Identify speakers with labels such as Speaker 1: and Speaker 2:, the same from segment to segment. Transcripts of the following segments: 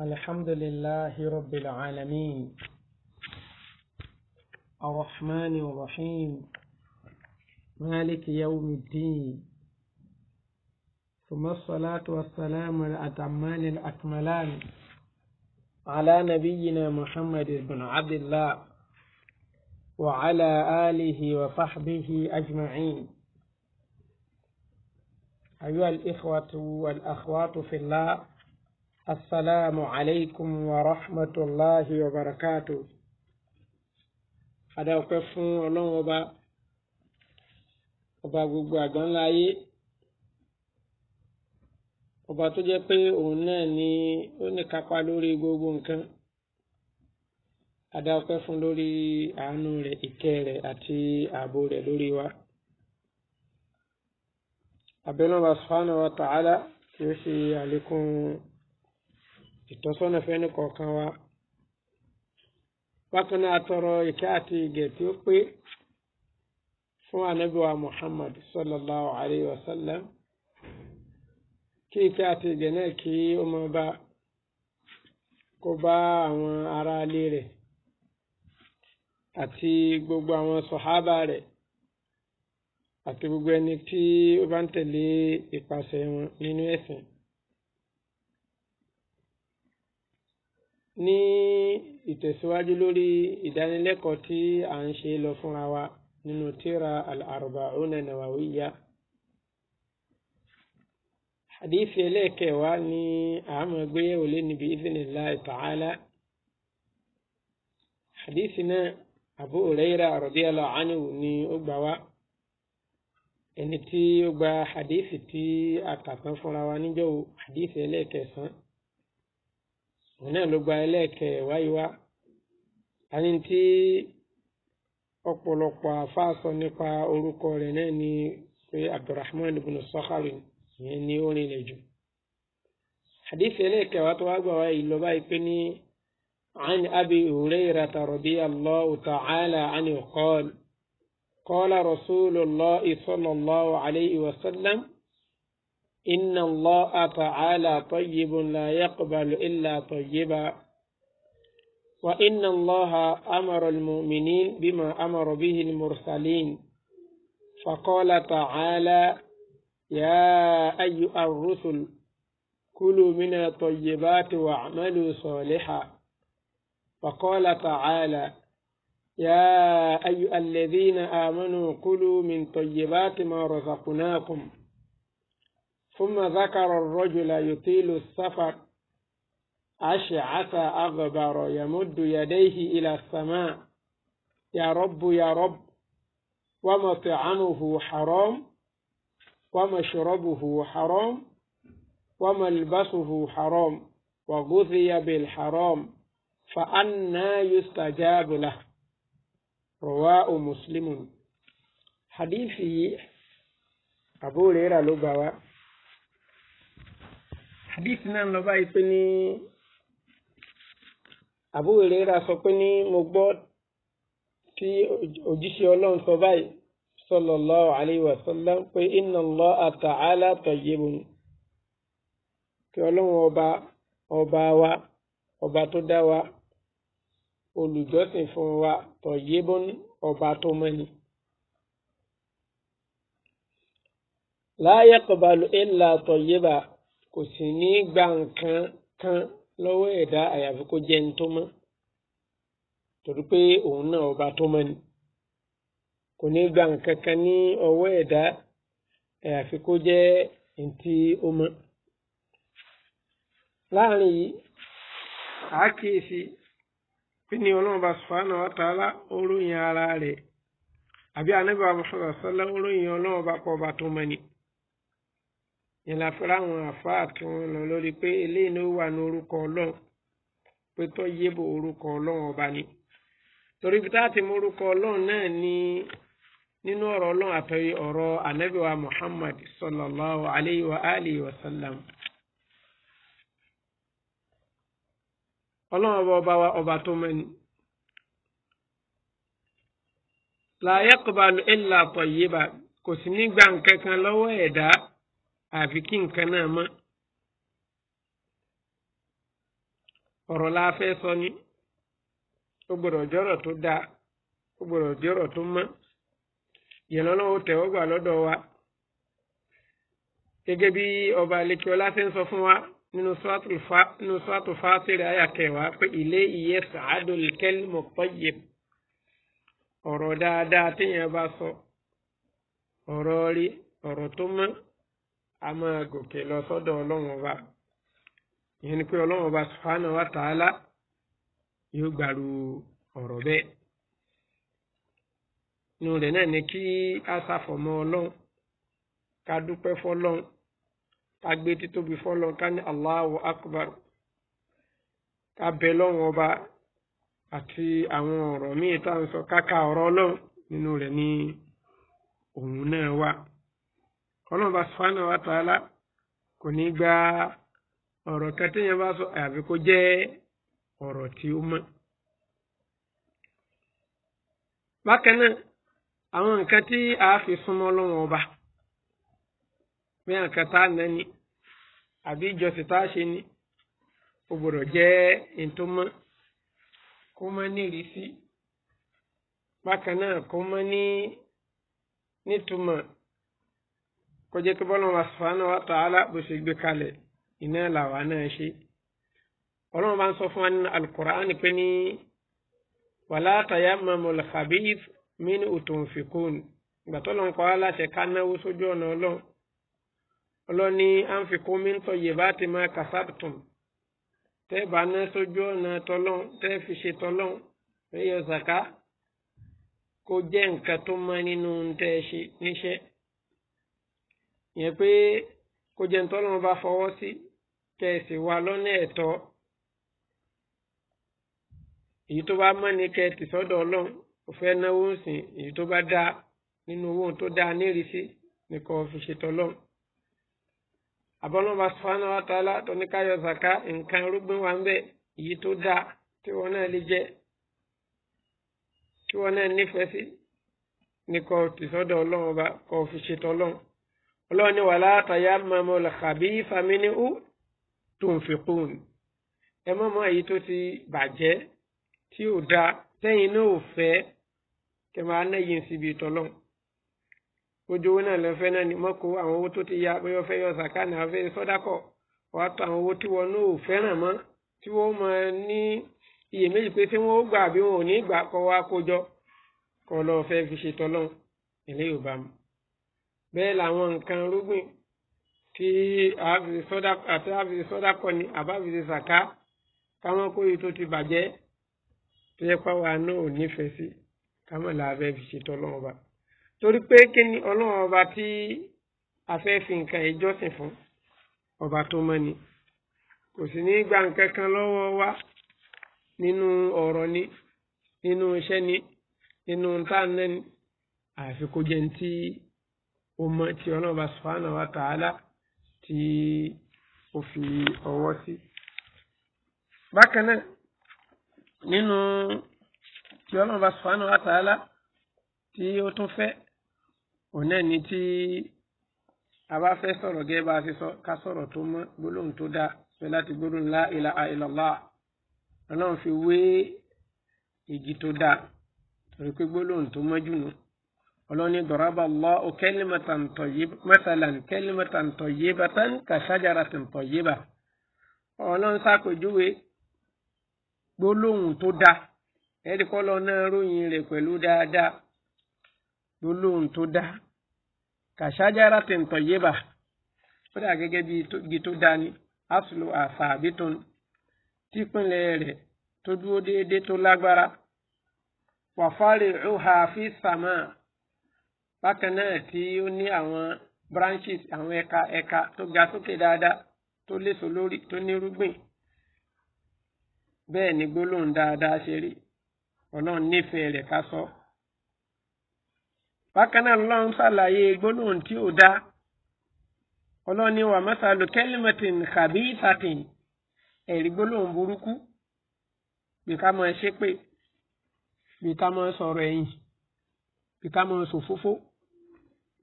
Speaker 1: الحمد لله رب العالمين الرحمن الرحيم مالك يوم الدين ثم الصلاة والسلام الأتمان الأكملان على نبينا محمد بن عبد الله وعلى آله وصحبه أجمعين أيها الإخوة والأخوات في الله السلام عليكم ورحمة الله وبركاته ada ọpẹ́ fún Ọlọ́run ọba ọba gbogbo àgbáńlá ayé ọba tó jẹ́ pé òun náà ni ó ní kápá lórí gbogbo nǹkan ada ọpẹ́ fún lórí àánú rẹ̀ ìkẹ́ rẹ̀ àti ààbò rẹ̀ lórí wa abẹnú wa subhanahu wa ta'ala tí ó ṣe àlékún ìtọ́sọ́nà fẹ́ni kọ̀ọ̀kan wa bákan náà atọrọ ìkẹ́ àti ìgẹ̀ tí ó pé fún ànábì Muhammad sallallahu alayhi wa sallam kí ìkẹ́ àti ìgẹ̀ náà kí ó máa bá kó bá àwọn aráalé rẹ̀ àti gbogbo àwọn sọ̀hábà rẹ̀ àti gbogbo ẹni tí ó bá ń tẹ̀lé ìpàṣẹ wọn nínú ẹ̀sìn. ní ìtẹ̀síwájú lórí ìdánilẹ́kọ̀ọ́ tí à ń ṣe lọ fúnra wa nínú tíra al-arba'una nawawiya hadithi ẹlẹ́ẹ̀kẹwàá ni a máa gbé yẹ̀wò lé níbi idhnillahi ta'ala hadithi náà abu huraira radiyallahu anhu ni ó gbà wá ẹni tí ó gba hadithi tí a kà tán fúnra wa níjọ́ hadithi ẹlẹ́ẹ̀kẹsàn òun náà ló gba ẹlẹ́ẹ̀kẹwàá wáyé wá àní tí ọ̀pọ̀lọpọ̀ àfáà sọ nípa orúkọ rẹ̀ náà ni pé abdulrahman ibn sakhari ìyẹn ni ó rinlẹ̀ jù hadith ẹlẹ́ẹ̀kẹwàá tó wá gbà wáyé lọ báyìí ní عن أبي هريرة رضي الله تعالى عنه قال قال رسول الله صلى الله عليه وسلم إن الله تعالى طيب لا يقبل إلا طيبا وإن الله أمر المؤمنين بما أمر به المرسلين فقال تعالى يا أيها الرسل كلوا من الطيبات واعملوا صالحا فقال تعالى يا أيها الذين آمنوا كلوا من طيبات ما رزقناكم ثم ذكر الرجل يطيل السفر أشعث أغبر يمد يديه إلى السماء يا رب يا رب ومطعمه حرام ومشربه حرام وملبسه حرام وغذي بالحرام فأنا يستجاب له رواه مسلم حديثي أبو هريرة لبوا hadith náà lọ báyìí pé ní Abu Hurairah sọ pé ní mo gbọ́ tí òjíṣẹ́ ọlọ́run sọ báyìí sallallahu alayhi wa sallam pé inna Allaha ta'ala tayyibun kí ọlọ́run ọba ọba wa ọba tó dá wa olùjọ́sìn fún wa tayyibun ọba tó mọ́ni. la yaqbalu illa kò sì ní í gba nǹkan kan lọ́wọ́ ẹ̀dá àyàfi kó jẹ́ ní tó mọ́ torí pé òun náà ọba tó mọ́ ni kò ní í gba nǹkan kan ní ọwọ́ ẹ̀dá àyàfi kó jẹ́ ní tí ó mọ́ láàrin yìí àákíyèsí bí ni ọlọ́run bá subhanahu wa ara rẹ̀ àbí anábìá Muhammad sallallahu ó pọ̀ ọba tó mọ́ ni ìlà fúnra àwọn àfáà tí wọ́n lọ lórí pé eléyìí ni ó wà ní orúkọ ọlọ́run pé tó yébò orúkọ ọlọ́run ọba ni torí bí táà ti mú orúkọ ọlọ́run náà ní nínú ọ̀rọ̀ ọlọ́run àtọ́yé ọ̀rọ̀ anábìwá muhammad sallallahu alayhi wa alihi wa sallam. ọlọ́run ọba ọba wa ọba tó mẹ́ni. la yaqbalu illa tayyiba kò sí ní gbà nǹkan kan lọ́wọ́ ẹ̀dá. E àfi kí nǹkan náà mọ́ ọ̀rọ̀ la fẹ́ sọ ni ó gbọ́dọ̀ jọ́rọ̀ tó dáa ó gbọ́dọ̀ jọ́rọ̀ tó mọ́ ìyẹn lọ́wọ́ tẹ̀wọ́gbà lọ́dọ̀ wa gẹ́gẹ́ bí ọba alekiola ṣe ń sọ fún wa nínú sọ́àtù fásitì àyà kẹwàá pé ilé ìyẹ́ sàádùn kẹ́lìmọ̀ pọ́yẹ ọ̀rọ̀ dáadáa téèyàn bá sọ ọ̀rọ̀ rí ọ̀rọ̀ tó mọ́ a máa gòkè lọ sọ́dọ̀ ọlọ́run ọba ìyẹn ni pé ọlọ́run ọba subhanahu wa ta'ala yóò gbàrú ọ̀rọ̀ bẹ́ẹ̀ inú rẹ̀ náà ni kí a ṣàfọ̀mọ́ ọlọ́run ká dúpẹ́ fọlọ́run ká gbé títóbi fọlọ́run ká ní Allahu akbar ká bẹ lọ́run ọba àti àwọn ọ̀rọ̀ míì tá à ń sọ ká ka ọ̀rọ̀ ọlọ́run nínú rẹ̀ ni òun náà wà ọlọ́ọ̀bá sùfánà wa tààlà kò ní gba ọ̀rọ̀ kẹtẹ́yìn bá sọ àyàfi kó jẹ́ ọ̀rọ̀ tí ó mọ́. bákan náà àwọn nǹkan tí a fi súnmọ́ ọlọ́run ọba bí nǹkan tá a nání àbí ìjọsìn tá a ṣe ni ó gbọ́dọ̀ jẹ́ ìtumọ̀ kó má ní bákan náà kó má ní nítumọ̀ kó jẹ́ kí bọ́lá wa subhanahu wa ta'ala bó ṣe gbé kalẹ̀ iná làwa náà ṣe ọlọ́run bá ń sọ fún wa nínú alukur'an pé ní wàlá tayammamul khabith minhu tunfiqun ìgbà tó lọ́n kọ́ wa láṣẹ ká náwó sójú ọ̀nà ọlọ́run ọlọ́run ní anfiqu min tayyibati ma kasabtum tẹ́ bá ná sójú ọ̀nà tọ́lọ́n tẹ́ fi ṣe tọ́lọ́n ẹ̀yọ zaka kó jẹ́ nǹkan tó máa nínú tẹ́ ṣe níṣẹ́ ìyẹn pé kó jẹ́ ní tọ́lọ́run bá fọwọ́ sí kẹ́ ẹ sì wá lọ́nà ẹ̀tọ́ èyí tó bá mọ́ ni kẹ́ ẹ tì sọ́dọ̀ ọlọ́run ò fẹ́ náwó sìn èyí tó bá dáa nínú owó tó dáa nírìísí nìkan fi ṣètò ọlọ́run àbọ̀lọ́ba sọ́nà wa tààlà tó ní ká yọ zàká nǹkan rúgbìn wa ń bẹ̀ èyí tó dáa tí wọn náà lè jẹ tí wọn náà nífẹ̀ẹ́ sí nìkan tì sọ́dọ̀ ọlọ́run ọba kọ́ fi ṣètò ọlọ́run ọlọ́run ní wàlá tayamamu al-khabitha minhu tunfiqun ẹ mọ́ mọ́ èyí tó ti bàjẹ́ tí ò dáa tẹ́yìn náà ò fẹ́ kẹ máa nẹ́yìn síbi tọ́lọ́n ojú owó náà lọ́fẹ́ náà ni mọ́kò àwọn owó tó ti ya pé ọfẹ́ yọ sàkánà ọfẹ́ sọ́dákọ̀ wàá tó àwọn owó tí wọn náà ò fẹ́ràn mọ́ tí wọ́n mọ ní iyèméjì pé tí wọ́n ó gbà bí wọn ò ní gbà kọ́ wa kó kọ́ lọ́ọ́ fẹ́ fi ṣe tọ́lọ́n ilé Yorùbá mu bẹ́ẹ̀ làwọn nǹkan rúgbìn tí àábìrì sọ́dá àti àábìrì sọ́dá kọ ni àbábìrì sàká káwọn kó èyí tó ti bàjẹ́ tó yẹ pé àwa náà ò nífẹ̀ẹ́ sí káwọn làbẹ́ fi ṣètò ọlọ́run ọba torí pé kí ni ọlọ́run ọba tí a fẹ́ fi nǹkan ìjọsìn fún ọba tó mọ́ ni kò sì ní gba nǹkan kan lọ́wọ́ wa nínú ọ̀rọ̀ ni nínú iṣẹ́ ni nínú ntànẹ́ni àfi kó jẹ́ ní tí ó mọ́ tí ọlọ́run bá subhanahu wa ta'ala tí ó fi ọwọ́ sí. bákan náà nínú tí ọlọ́run bá subhanahu wa ta'ala tí ó tún fẹ́ òun ni tí a bá fẹ́ sọ̀rọ̀ gẹ́gẹ́ bá a ti sọ ká sọ̀rọ̀ tó mọ́ gbólóhùn tó dáa fẹ́ láti gbólóhùn la ilaha illallah ọlọ́run fi wé igi tó dáa torí pé gbólóhùn tó mọ́jú nù. No ọlọ́ni dọ̀rọ̀bà Allahu kalimatan tayyibatan masalan kalimatan tayyibatan ka shajaratin tayyibah ọlọ́run ṣàpèjúwe gbólóhùn tó dáa ẹ̀ẹ́dẹ́kọ́lọ́ náà ròyìn rẹ̀ pẹ̀lú dáadáa gbólóhùn tó dáa ka shajaratin tayyibah ó dà gẹ́gẹ́ bí igi tó dáa ni aslu àfàbítun típínlẹ̀ rẹ̀ tó dúró déédéé tó lágbára wa fari'uha fi samaa bákan náà tí ó ní àwọn branches àwọn ẹ̀ka ẹ̀ka tó ga sókè dáadáa tó léso lórí tó nírúgbìn bẹ́ẹ̀ ni gbólóhùn dáadáa ṣe rí ọlọ́run nífẹ̀ẹ́ rẹ̀ ká sọ. bákan náà ọlọ́run ṣàlàyé gbólóhùn tí ò dáa ọlọ́run ní wa masalu kẹ́límẹ̀tìn khabithatin ẹ̀rí gbólóhùn burúkú bí ká máa ṣépè bí ká máa sọ̀rọ̀ ẹ̀yìn bí ká máa sòfófó. So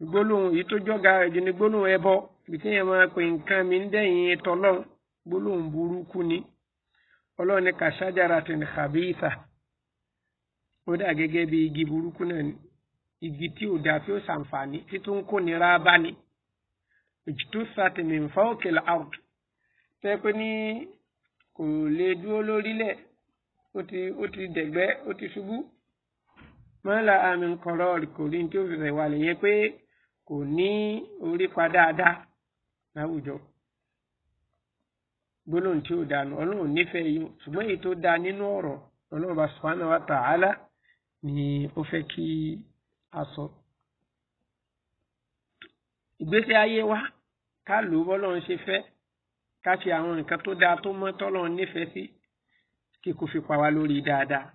Speaker 1: gbólóhùn èyí tó jọ́ga rẹ̀ jù ní gbólóhùn ẹbọ bí tí yẹn máa pè nǹkan mi ń dẹ̀yìn tọ́lọ́hún gbólóhùn burúkú ni ọlọ́run ní ka shajaratin khabitha ó dà gẹ́gẹ́ bí igi burúkú náà ni igi tí ò dáa tí ó ṣàǹfààní tí tó ń kó nira bá ni ìjìtú sátìmí fọ́ọ̀kìlà out tẹ́ pé ní kò lè dúró lórílẹ̀ ó ti ó ti dẹ̀gbẹ́ ó ti ṣubú mọ́lá àmì kọ̀rọ̀ kò ní tí ó fi rẹ̀ wà lè pé kò ní orí pa dáadáa láwùjọ gbólóhùn tí ó dànù ọlọ́run nífẹ̀ẹ́ yìí ṣùgbọ́n èyí tó da nínú ọ̀rọ̀ ọlọ́run bá subhanahu wa ta'ala ni ó fẹ́ kí a sọ. ìgbésí ayé wa ká lò ó bọ́lọ́run ṣe fẹ́ ká ṣe àwọn nǹkan tó dáa tó mọ́ tọ́lọ́run nífẹ̀ẹ́ sí kí kò fi pa wá lórí dáadáa.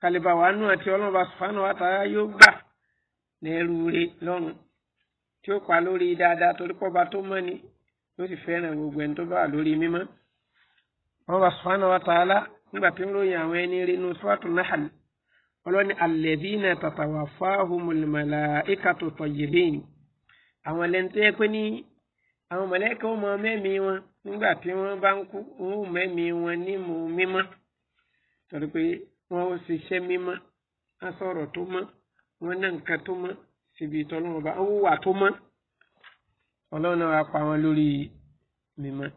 Speaker 1: kàlíbà wa nù àti ọlọ́run bá subhanahu wa ta'ala yóò gbà n'ẹrú re lọ́run tí ó pa lórí dáadáa torí pọ́ba tó mọ́ ni yóò sì fẹ́ràn gbogbo ẹni tó bá wà lórí mímọ́. wọ́n bá subhanahu wa ta'ala nígbà tí ń ròyìn àwọn ẹni rí inú sọ́ọ̀tù Nahl ọlọ́ni alladhina tatawaffahumul malaikatu tayyibin àwọn ẹlẹ́ni tó yẹ pé ní àwọn mọ̀lẹ́kẹ́ ó mọ mẹ́mí wọn nígbà tí wọ́n bá ń kú wọn ò mẹ́mí wọn ní wọ́n ná nǹkan tó mọ́ síbi tọ́lọ́run ọba wọ́n wà tó mọ́ ọlọ́run náà wá pa wọn lórí mímọ́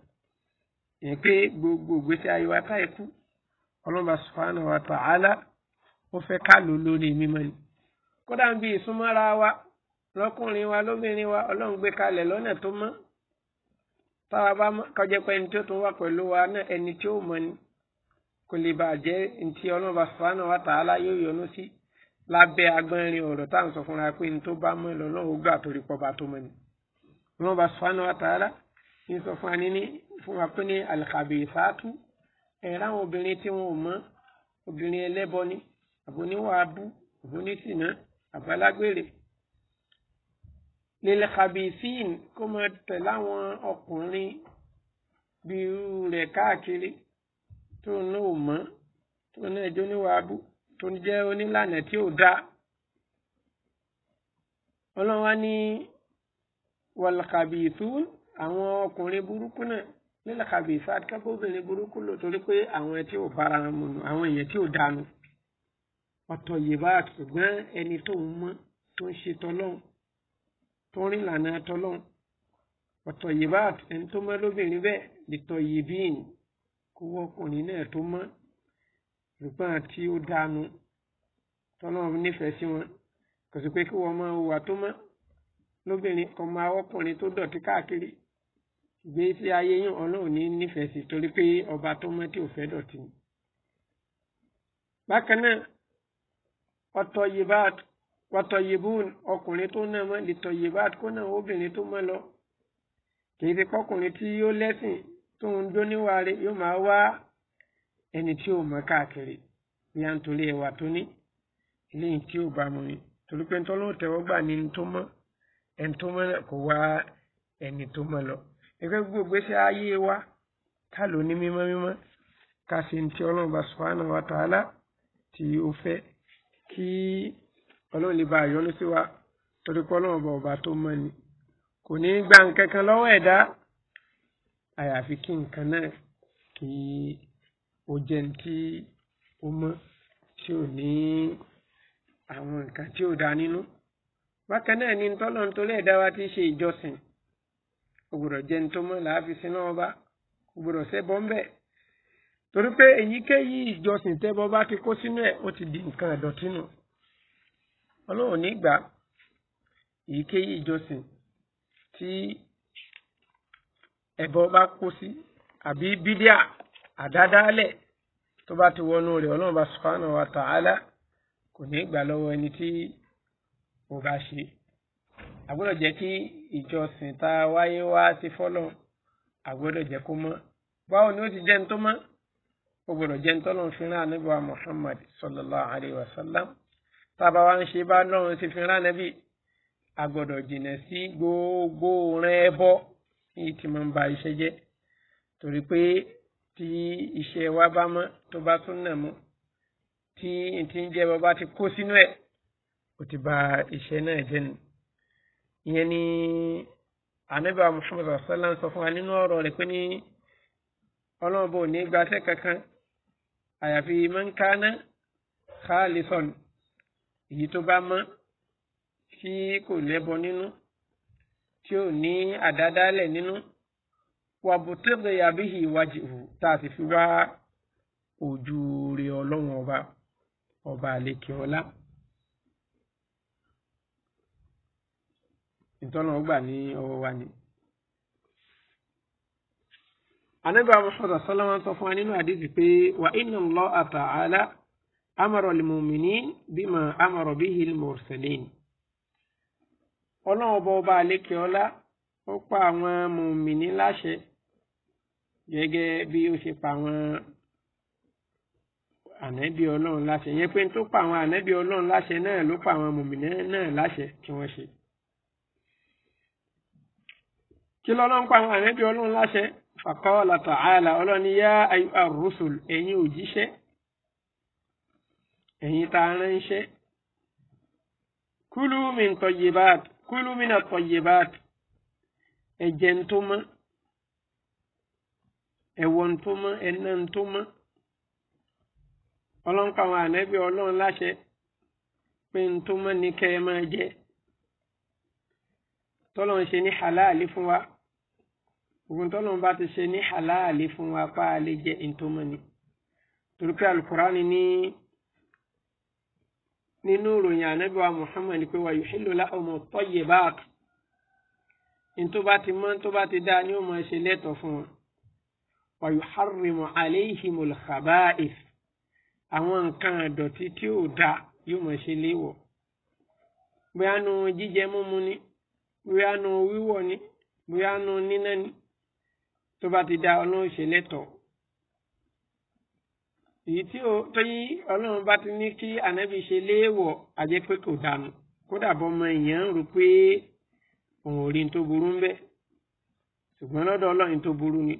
Speaker 1: yẹn pé gbogbo ìgbésí ayé wa táyé kú ọlọ́run bá subhanahu wa ta'ala ó fẹ́ ká lò lórí mímọ́ ni kódà ń bi ìsúnmọ́ra wa lọ́kùnrin wa lóbìnrin wa ọlọ́run gbé kalẹ̀ lọ́nà tó mọ́ táwa bá kọjá pé ẹni tó tún wà pẹ̀lú wa náà ẹni tí ó mọ̀ ni kò lè bàjẹ́ ntí ọlọ́run bá subhanahu wa ta'ala yóò yọ́nú sí. Si lábẹ́ agbọ́nrin ọ̀rọ̀ tá à ń sọ fúnra pé ní tó bá mọ́ lọ́lọ́wọ́ gbà torí pọba tó mọ́ ni. wọ́n bá sọ́nà àtàrà ń sọ fún wa ní fún wa pé ní alkhabithatu ẹ̀rọ àwọn obìnrin tí wọn mọ́ obìnrin ẹlẹ́bọ ni àbóníwà abú àbónítìná àbálágbèrè. lílẹ̀ khabithin kó máa tẹ̀ láwọn ọkùnrin bíi rẹ̀ káàkiri tó náà mọ́ tó náà jóníwà abú tó ń jẹ́ onílànà tí ò dá ọlọ́run wá ní wàlàkàbìtún àwọn ọkùnrin burúkú náà nílàkàbì ìfàdíkàbọ obìnrin burúkú lò torí pé àwọn tí ò bára wọn mu nù àwọn èèyàn tí ò dánu ọ̀tọ̀ yìbá ṣùgbọ́n ẹni tó ń mọ́ tó ń ṣe tọlọ́hún tó ń rìn lànà tọlọ́hún ọ̀tọ̀ yìbá ẹni tó mọ́ lóbìnrin bẹ́ẹ̀ lè tọ yìí bíìn kó wọ́kùnrin náà tó mọ́ ṣùgbọ́n tí ó dánu tọ́lọ́run nífẹ̀ẹ́ sí wọn kò sí pé kí wọ́n máa hùwà tó mọ́ lóbìnrin kò máa ọkùnrin tó dọ̀tí káàkiri ìgbésí ayé yín ọlọ́run ní nífẹ̀ẹ́ sí torí pé ọba tó mọ́ tí ò fẹ́ dọ̀tí ni. bákan náà ọtọyibad wọtọyibun ọkùnrin tó náà mọ́ lìtọyibad kó náà obìnrin tó mọ́ lọ kì í ti kọkùnrin tí yóò lẹ́sìn tóun jó níwàá rẹ̀ yóò máa wá ẹni tí ò mọ káàkiri bíyà nítorí ẹwà tó ní eléyìí tí ò bá mu ni torí pé nítorí ó tẹ́wọ́ gbà ní ní tó mọ́ ẹni tó mọ́ náà kò wá ẹni tó mọ́ lọ ẹgbẹ́ gbogbo gbèsè ayé wa ká lò ní mímọ́ mímọ́ ká ṣe ní ti ọlọ́run bá subhanahu wa ta'ala tí ó fẹ́ kí ọlọ́run lè bá yọ́nú sí wa torí pé ọlọ́run bá ọba tó mọ́ ni kò ní í gba nǹkan kan lọ́wọ́ ẹ̀dá àyàfi kí nǹkan náà kì í ó jẹ́ ní tí ó mọ́ tí ò ní àwọn nǹkan tí ò da nínú bákan náà ni tọ́lọ́run torí ẹ̀dá wa ti ṣe ìjọsìn ó gbọ́dọ̀ jẹ́ ní tó mọ́ láàfi sin náà bá ó gbọ́dọ̀ ṣẹbọ ń bẹ̀ torí pé èyíkéyìí ìjọsìn tẹ́bọ bá ti kó sínú ẹ̀ ó ti di nǹkan ẹ̀dọ̀tí nù ọlọ́run nígbà èyíkéyìí ìjọsìn tí ẹbọ bá kó sí àbí bídíà àdádálẹ̀ tó bá ti wọnú rẹ̀ ọlọ́run bá subhanahu wa ta'ala kò ní gbà lọ́wọ́ ẹni tí ò bá ṣe a gbọ́dọ̀ jẹ́ kí ìjọsìn tá a wáyé wá sí fọ́lọ́run a gbọ́dọ̀ jẹ́ kó mọ́ báwo ni ó ti jẹ́ ń tó mọ́ ó gbọ́dọ̀ jẹ́ ń tọ́lọ́run fi rán ànábì wa Muhammad sallallahu alayhi wa sallam tá a bá wá ń ṣe bá lọ́run ti fi rán ànábì a jìnà sí gbogbo rẹ̀ ẹbọ èyí ń ba iṣẹ́ jẹ́ torí pé tí iṣẹ́ wa bá mọ́ tó bá tún nà mú tí n ti ń jẹ́ bàbá ti kó sínú ẹ̀ ó ti bà iṣẹ́ náà jẹ́ nu ìyẹn ni anabi muhammadu sallam sọ fún wa nínú ọ̀rọ̀ rẹ̀ pé ní ọlọ́run ní gbaṣẹ́ kankan àyàfi mọ́ńkáná khalisan èyí tó bá mọ́ tí kò lẹ́bọ nínú tí ò ní àdádálẹ̀ nínú. wàbùtẹ́rẹ̀ àbíhì wájìhù tá a sì fi wá ojú rẹ ọlọ́run ọba ọba àlekè ọlá. ìtọ́nà ọgbà ní ọwọ́ wa ni. Ànábì Muhammad sallallahu alaihi fún wa nínú pé wa inna Allaha ta'ala amara al bima amara bihi al ọlọ́run ọba ọba ó pa àwọn mùmìnì láṣẹ gẹ́gẹ́ bí ó ṣe pa àwọn ànábì ọlọ́run láṣẹ yẹn pé tó pa àwọn ànábì ọlọ́run láṣẹ náà ló pa àwọn mùmìnì náà láṣẹ kí wọ́n ṣe. kí lọ́lọ́run pa àwọn ànábì ọlọ́run láṣẹ fàkọ́ọ̀lá tààlà ọlọ́ni yá ayú àrùsùl ẹ̀yin òjíṣẹ́ ẹ̀yin tá a ránṣẹ́ kúlù min tọ̀yẹ̀bát kúlù min àtọ̀yẹ̀bát ẹjẹ ń tó mọ́ ẹ̀wọ̀ ń tó mọ́ ẹ̀nà ń tó mọ́ ọlọ́run káwọn ànábì ọlọ́run láṣẹ pé ń tó mọ́ ní kẹ́ ẹ máa jẹ tọ́lọ́run ṣe ní halali fún wa ògùn tọ́lọ́run bá ti ṣe ní halali fún wa pa á lè jẹ ni torí alukurani ní nínú ìròyìn ànábì wa Muhammad pé wa yuhillu lahum at-tayyibat ntó bá ti mọ́ ntó bá ti dáa ni ó máa ṣe lẹ́tọ̀ fún wọn. wa yuharrimu alayhimul khaba'ith àwọn nǹkan àdọ̀tí tí ò dáa yóò máa ṣe léwọ̀. bóyá nu jíjẹ múmu ni bóyá nu wíwọ̀ ni bóyá nu níná ni tó bá ti dáa ọlọ́run ṣe lẹ́tọ̀. èyí tí ó tóyí ọlọ́run bá ti ní kí ànábì ṣe léèwọ̀ àjẹpẹ́ kò dànù kódà bọ́ ọmọ èèyàn rò pé òun ò rí n tó burú ń ṣùgbọ́n lọ́dọ̀ Ọlọ́run tó burú ni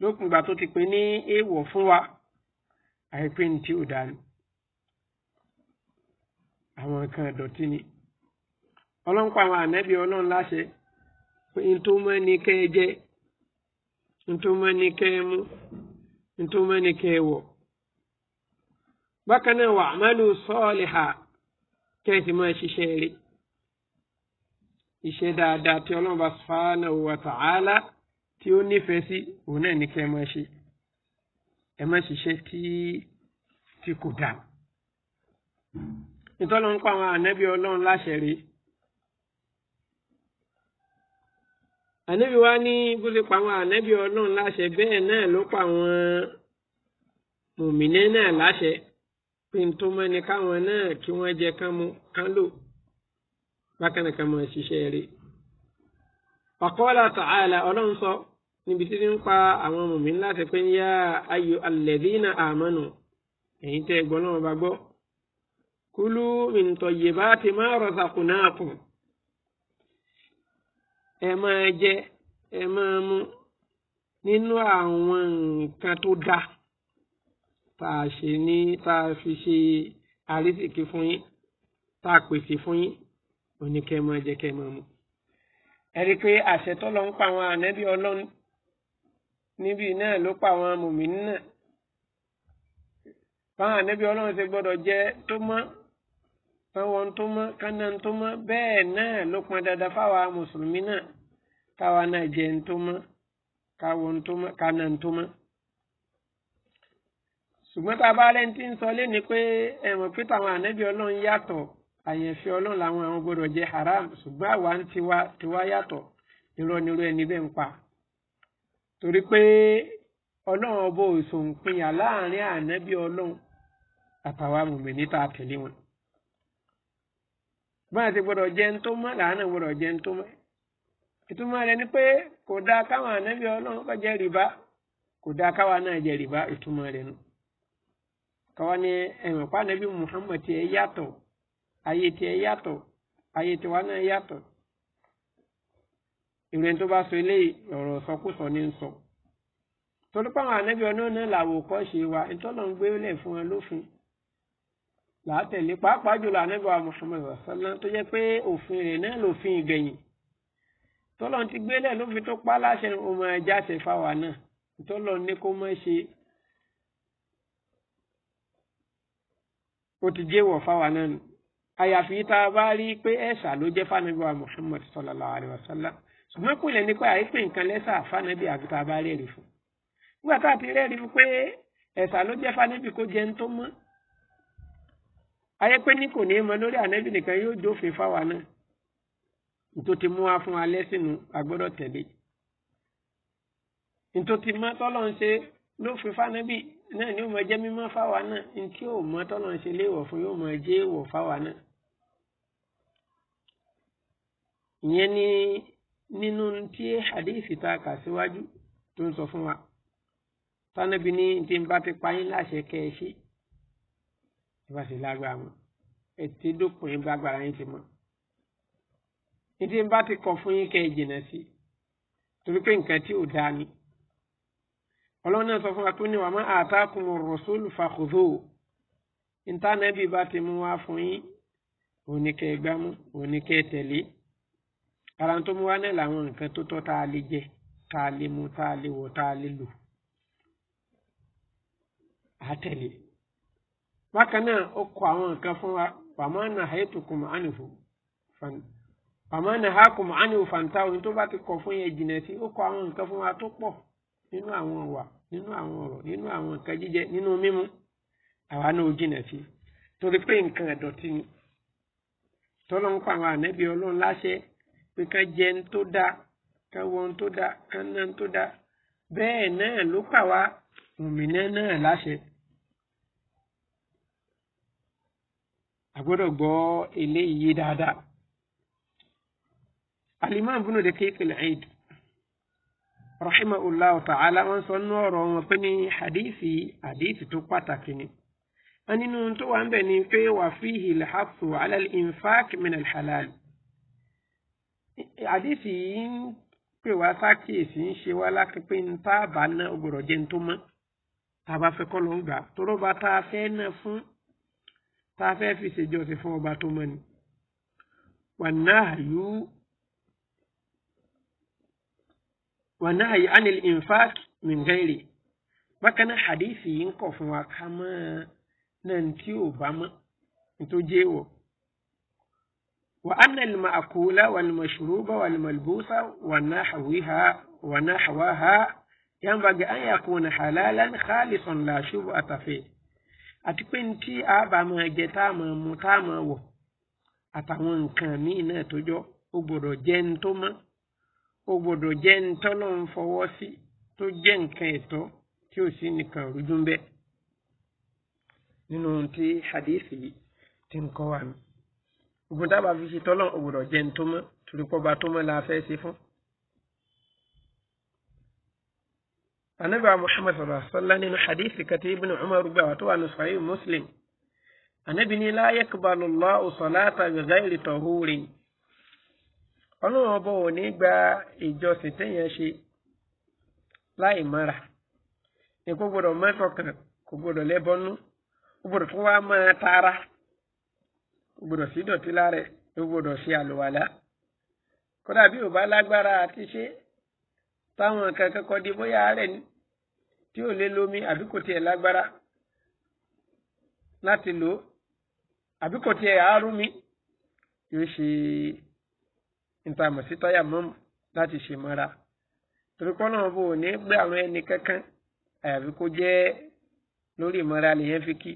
Speaker 1: lópin ìgbà tó ti pè ní èèwọ̀ fún wa àìpé ní tí ò ni àwọn nǹkan ìdọ̀tí ni Ọlọ́run pa àwọn ànẹ́bí Ọlọ́run láṣẹ pé n tó mọ́ ni kẹ́ ẹ jẹ n tó mọ́ ni kẹ́ ẹ mú n iṣẹ́ dáadáa tí ọlọ́run bá subhanahu wa ta'ala tí ó nífẹ̀ẹ́ sí òun náà ní kẹ́ ẹ máa ṣe ẹ má ṣiṣẹ́ tí tí kò dáa nítorí ń pa àwọn ànábì ọlọ́run láṣẹ rèé ànábì wa ní bó ṣe pa àwọn ànábì ọlọ́run láṣẹ bẹ́ẹ̀ náà ló pa àwọn mùmínẹ́ náà láṣẹ pé n tó mọ́ ni káwọn náà kí wọ́n jẹ kán mu kán lò bákan náà ká máa ṣiṣẹ́ rí. Faqala ta'ala ọlọ́run sọ níbi tí ń pa àwọn mùmí láti pé yá ayò alladhina amanu ẹ̀yin tẹ́ gbọ́ náà bá gbọ́. Kulu min tayyibati ma razaqnakum. Ẹ máa jẹ ẹ máa mú nínú àwọn nǹkan tó dáa tá a ṣe ní tá a fi ṣe àrísìkí fún yín tá a pèsè fún yín ó ní kẹ́ máa jẹ kẹ́ máa mu ẹ rí i pé àṣẹ tó lọ ń pa àwọn ànẹ́bí ọlọ́run níbí náà ló pa àwọn mùmíní náà báwọn ànẹ́bí ọlọ́run ṣe gbọ́dọ̀ jẹ tó mọ́ báwọn tó mọ́ kánà tó mọ́ bẹ́ẹ̀ náà ló pọn dandan fáwọn mùsùlùmí náà káwa náà jẹ ń tó mọ́ káwọn tó mọ́ kánà tó mọ́ ṣùgbọ́n tá a bá rẹ́ni tí ń sọ lé ni pé ẹ̀wọ̀n pé táwọn ànẹ́bí ọlọ́run yàtọ̀ àyànfẹ́ ọlọ́run làwọn àwọn gbọ́dọ̀ jẹ haram ṣùgbọ́n àwa ń tiwa tiwa yàtọ̀ irọ́ nírú ẹni bẹ́ẹ̀ ń pa torí pé ọlọ́run ọba òsùn pinya láàrin ànábì ọlọ́run àtàwa mùmíní tá a wọn ti gbọ́dọ̀ jẹ ń tó mọ́ làánà gbọ́dọ̀ jẹ ń tó mọ́ ìtumọ̀ ni pé kò dáa káwọn ànábì ọlọ́run kọ́ rìbá kò dáa náà jẹ rìbá ìtumọ̀ nù ni ẹ̀wọ̀n Muhammad ayé tiẹ̀ yàtọ̀ ayé tiwa náà yàtọ̀ ìrù ẹni tó bá sọ eléyìí ọ̀rọ̀ sọkúsọ ní sọ torí páwọn ànábì ọ̀nà náà làwọn òkọ́ ṣe wa ìtọ́lọ̀ ń gbélé fún wọn lófin làátẹ̀lé pàápàá jùlọ ànábì wa Muhammad sallá tó jẹ́ pé òfin rẹ̀ náà lòfin ìgbẹ̀yìn tọ́lọ̀ ti gbélé lófin tó pa láṣẹ ọmọ ẹja ṣe fáwa náà ìtọ́lọ̀ ní kó má ṣe ó ti jẹ́wọ̀ fáwa náà nù àyàfi tá a bá rí pé ẹ̀ṣà ló jẹ́ fánábì wa Muhammad sallallahu alayhi wa sallam ṣùgbọ́n kò lè ní pé àìpé nǹkan lẹ́ṣà fánábì àfi tá a bá rẹ́ẹ̀rí fún nígbà tá a ti rẹ́ẹ̀rí fún pé ẹ̀ṣà ló jẹ́ fánábì kó jẹun tó mọ́ ayé pé ní kò ní mọ lórí ànábì nìkan yóò jófin fáwa náà nítorí ti mú wa fún wa lẹ́sìnú agbọ́dọ̀ tẹ̀lé nítorí ti mọ́ tọ́lọ́ ń ṣe lófin fánábì náà ni ó máa jẹ́ mímọ́ fáwa náà ní tí ò mọ́ tọ́lọ́ ń ṣe léèwọ̀ fún yóò máa jẹ́ èèwọ̀ fáwa náà. ìyẹn ni nínú tí hadithi tá a kà síwájú tó ń sọ fún wa tánàbí ní tí n bá ti pa yín láṣẹ kẹ ẹ ṣe ìbá sì lágbára mọ ẹ ti dópin bá gbára yín ti mọ ní tí n bá ti kọ̀ fún yín kẹ ẹ jìnnà sí torí pé nǹkan tí ò dáa ni ọlọ́run náà sọ fún wa tó ní wa ma atakumur rasul fakhudhu ìntánẹ́bì bá ti mú wá fún yín òní kẹ́ ẹ gbámú òní kẹ́ ẹ tẹ̀lé ara tó mú wá náà làwọn nǹkan tó tọ́ tá lè jẹ tá lè mu tá a lè wọ̀ tá a lè lò á tẹ̀lé bákan náà ó kọ àwọn nǹkan fún wa pàmánà haytukum anhu pàmánà hakum anhu fantahu tó bá ti kọ fún yẹn jìnnà sí ó kọ àwọn nǹkan fún wa tó pọ̀ nínú àwọn ọ̀wà nínú àwọn ọ̀rọ̀ nínú àwọn nǹkan jíjẹ nínú mímu àwa náà ó jìnà sí torí pé nǹkan ẹ̀dọ̀tí ni tọ́lọ́n pa àwọn ànẹ́bí ọlọ́run láṣẹ pé ká jẹ ń tó dáa ká wọ ń tó dáa ká ná ń tó da. bẹ́ẹ̀ náà ló pa wá òmìnira náà láṣẹ. a gbọ́ eléyìí dáadáa. alimam bunu de kéèké lẹ́yìn rahimahullahu ta'ala wọ́n sọ nínú ọ̀rọ̀ wọn pé ní hadithi hadithi tó pàtàkì ni wọ́n nínú tó wà ń bẹ̀ ni pé wà fíhì lẹ́hàtù alal infaq min alhalal hadithi yìí ń pè wá sákìyèsí ń ṣe wá láti pé ń tá a bá ná ọgbọ̀rọ̀ jẹ́ ń tó mọ́ tá a bá fẹ́ kọ́ ló ń gbà tóró bá tá a fẹ́ ná fún tá a fẹ́ fi ṣèjọ́sìn fún ọba tó mọ́ ni wà náà yóò ونهي عن الإنفاق من غيره ما كان حديثي ينكوف وكما ننتيو بما نتجيو وأن المأكول والمشروب والملبوس ونحوها ونحوها ينبغي أن يكون حلالا خالصا لا شبهة فيه أتكنتي أبا ما جتاما متاما و أتوان كامينة تجو أبرو جنتما ó gbọ́dọ̀ jẹ́ ń tọ́nà ń fọwọ́ sí tó jẹ́ nǹkan ẹ̀tọ́ tí ò sí nìkan rújú ń bẹ nínú ohun tí hadithi yìí ti ń kọ́ wa mi ogun tá a bá fi ṣe tọ́lọ̀ ó jẹ́ ń tó tó mọ́ la fẹ́ ṣe fún. anabi wa muhammad sallallahu alaihi wa sallam nínú hadithi kati ibn umar gba wa tó wà ní sahih muslim anabi ni la tahurin ọlọ́run ọba ò ní gba ìjọsìn téèyàn ṣe láì mọ́ra ní kó gbọdọ̀ mọ́tò kan kó gbọdọ̀ lẹ́bọ́nú kó gbọdọ̀ tó wá máa tara kó gbọdọ̀ sí dọ̀tí lára ẹ̀ kó gbọdọ̀ ṣe àlùwàlá kódà bí ò bá lágbára àti ṣe táwọn nǹkan kankan di bóyá rẹ̀ tí ò lè lómi àbí kò tiẹ̀ lágbára láti lò àbí kò tiẹ̀ àárú mi yóò ṣe níta mọ̀ sí táyà mọ́mù láti ṣe mọ́ra torí kọ́ náà bò ní gbé àwọn ẹni kankan àyàfi kó jẹ́ lórí ìmọ̀ra lèyẹn fi kí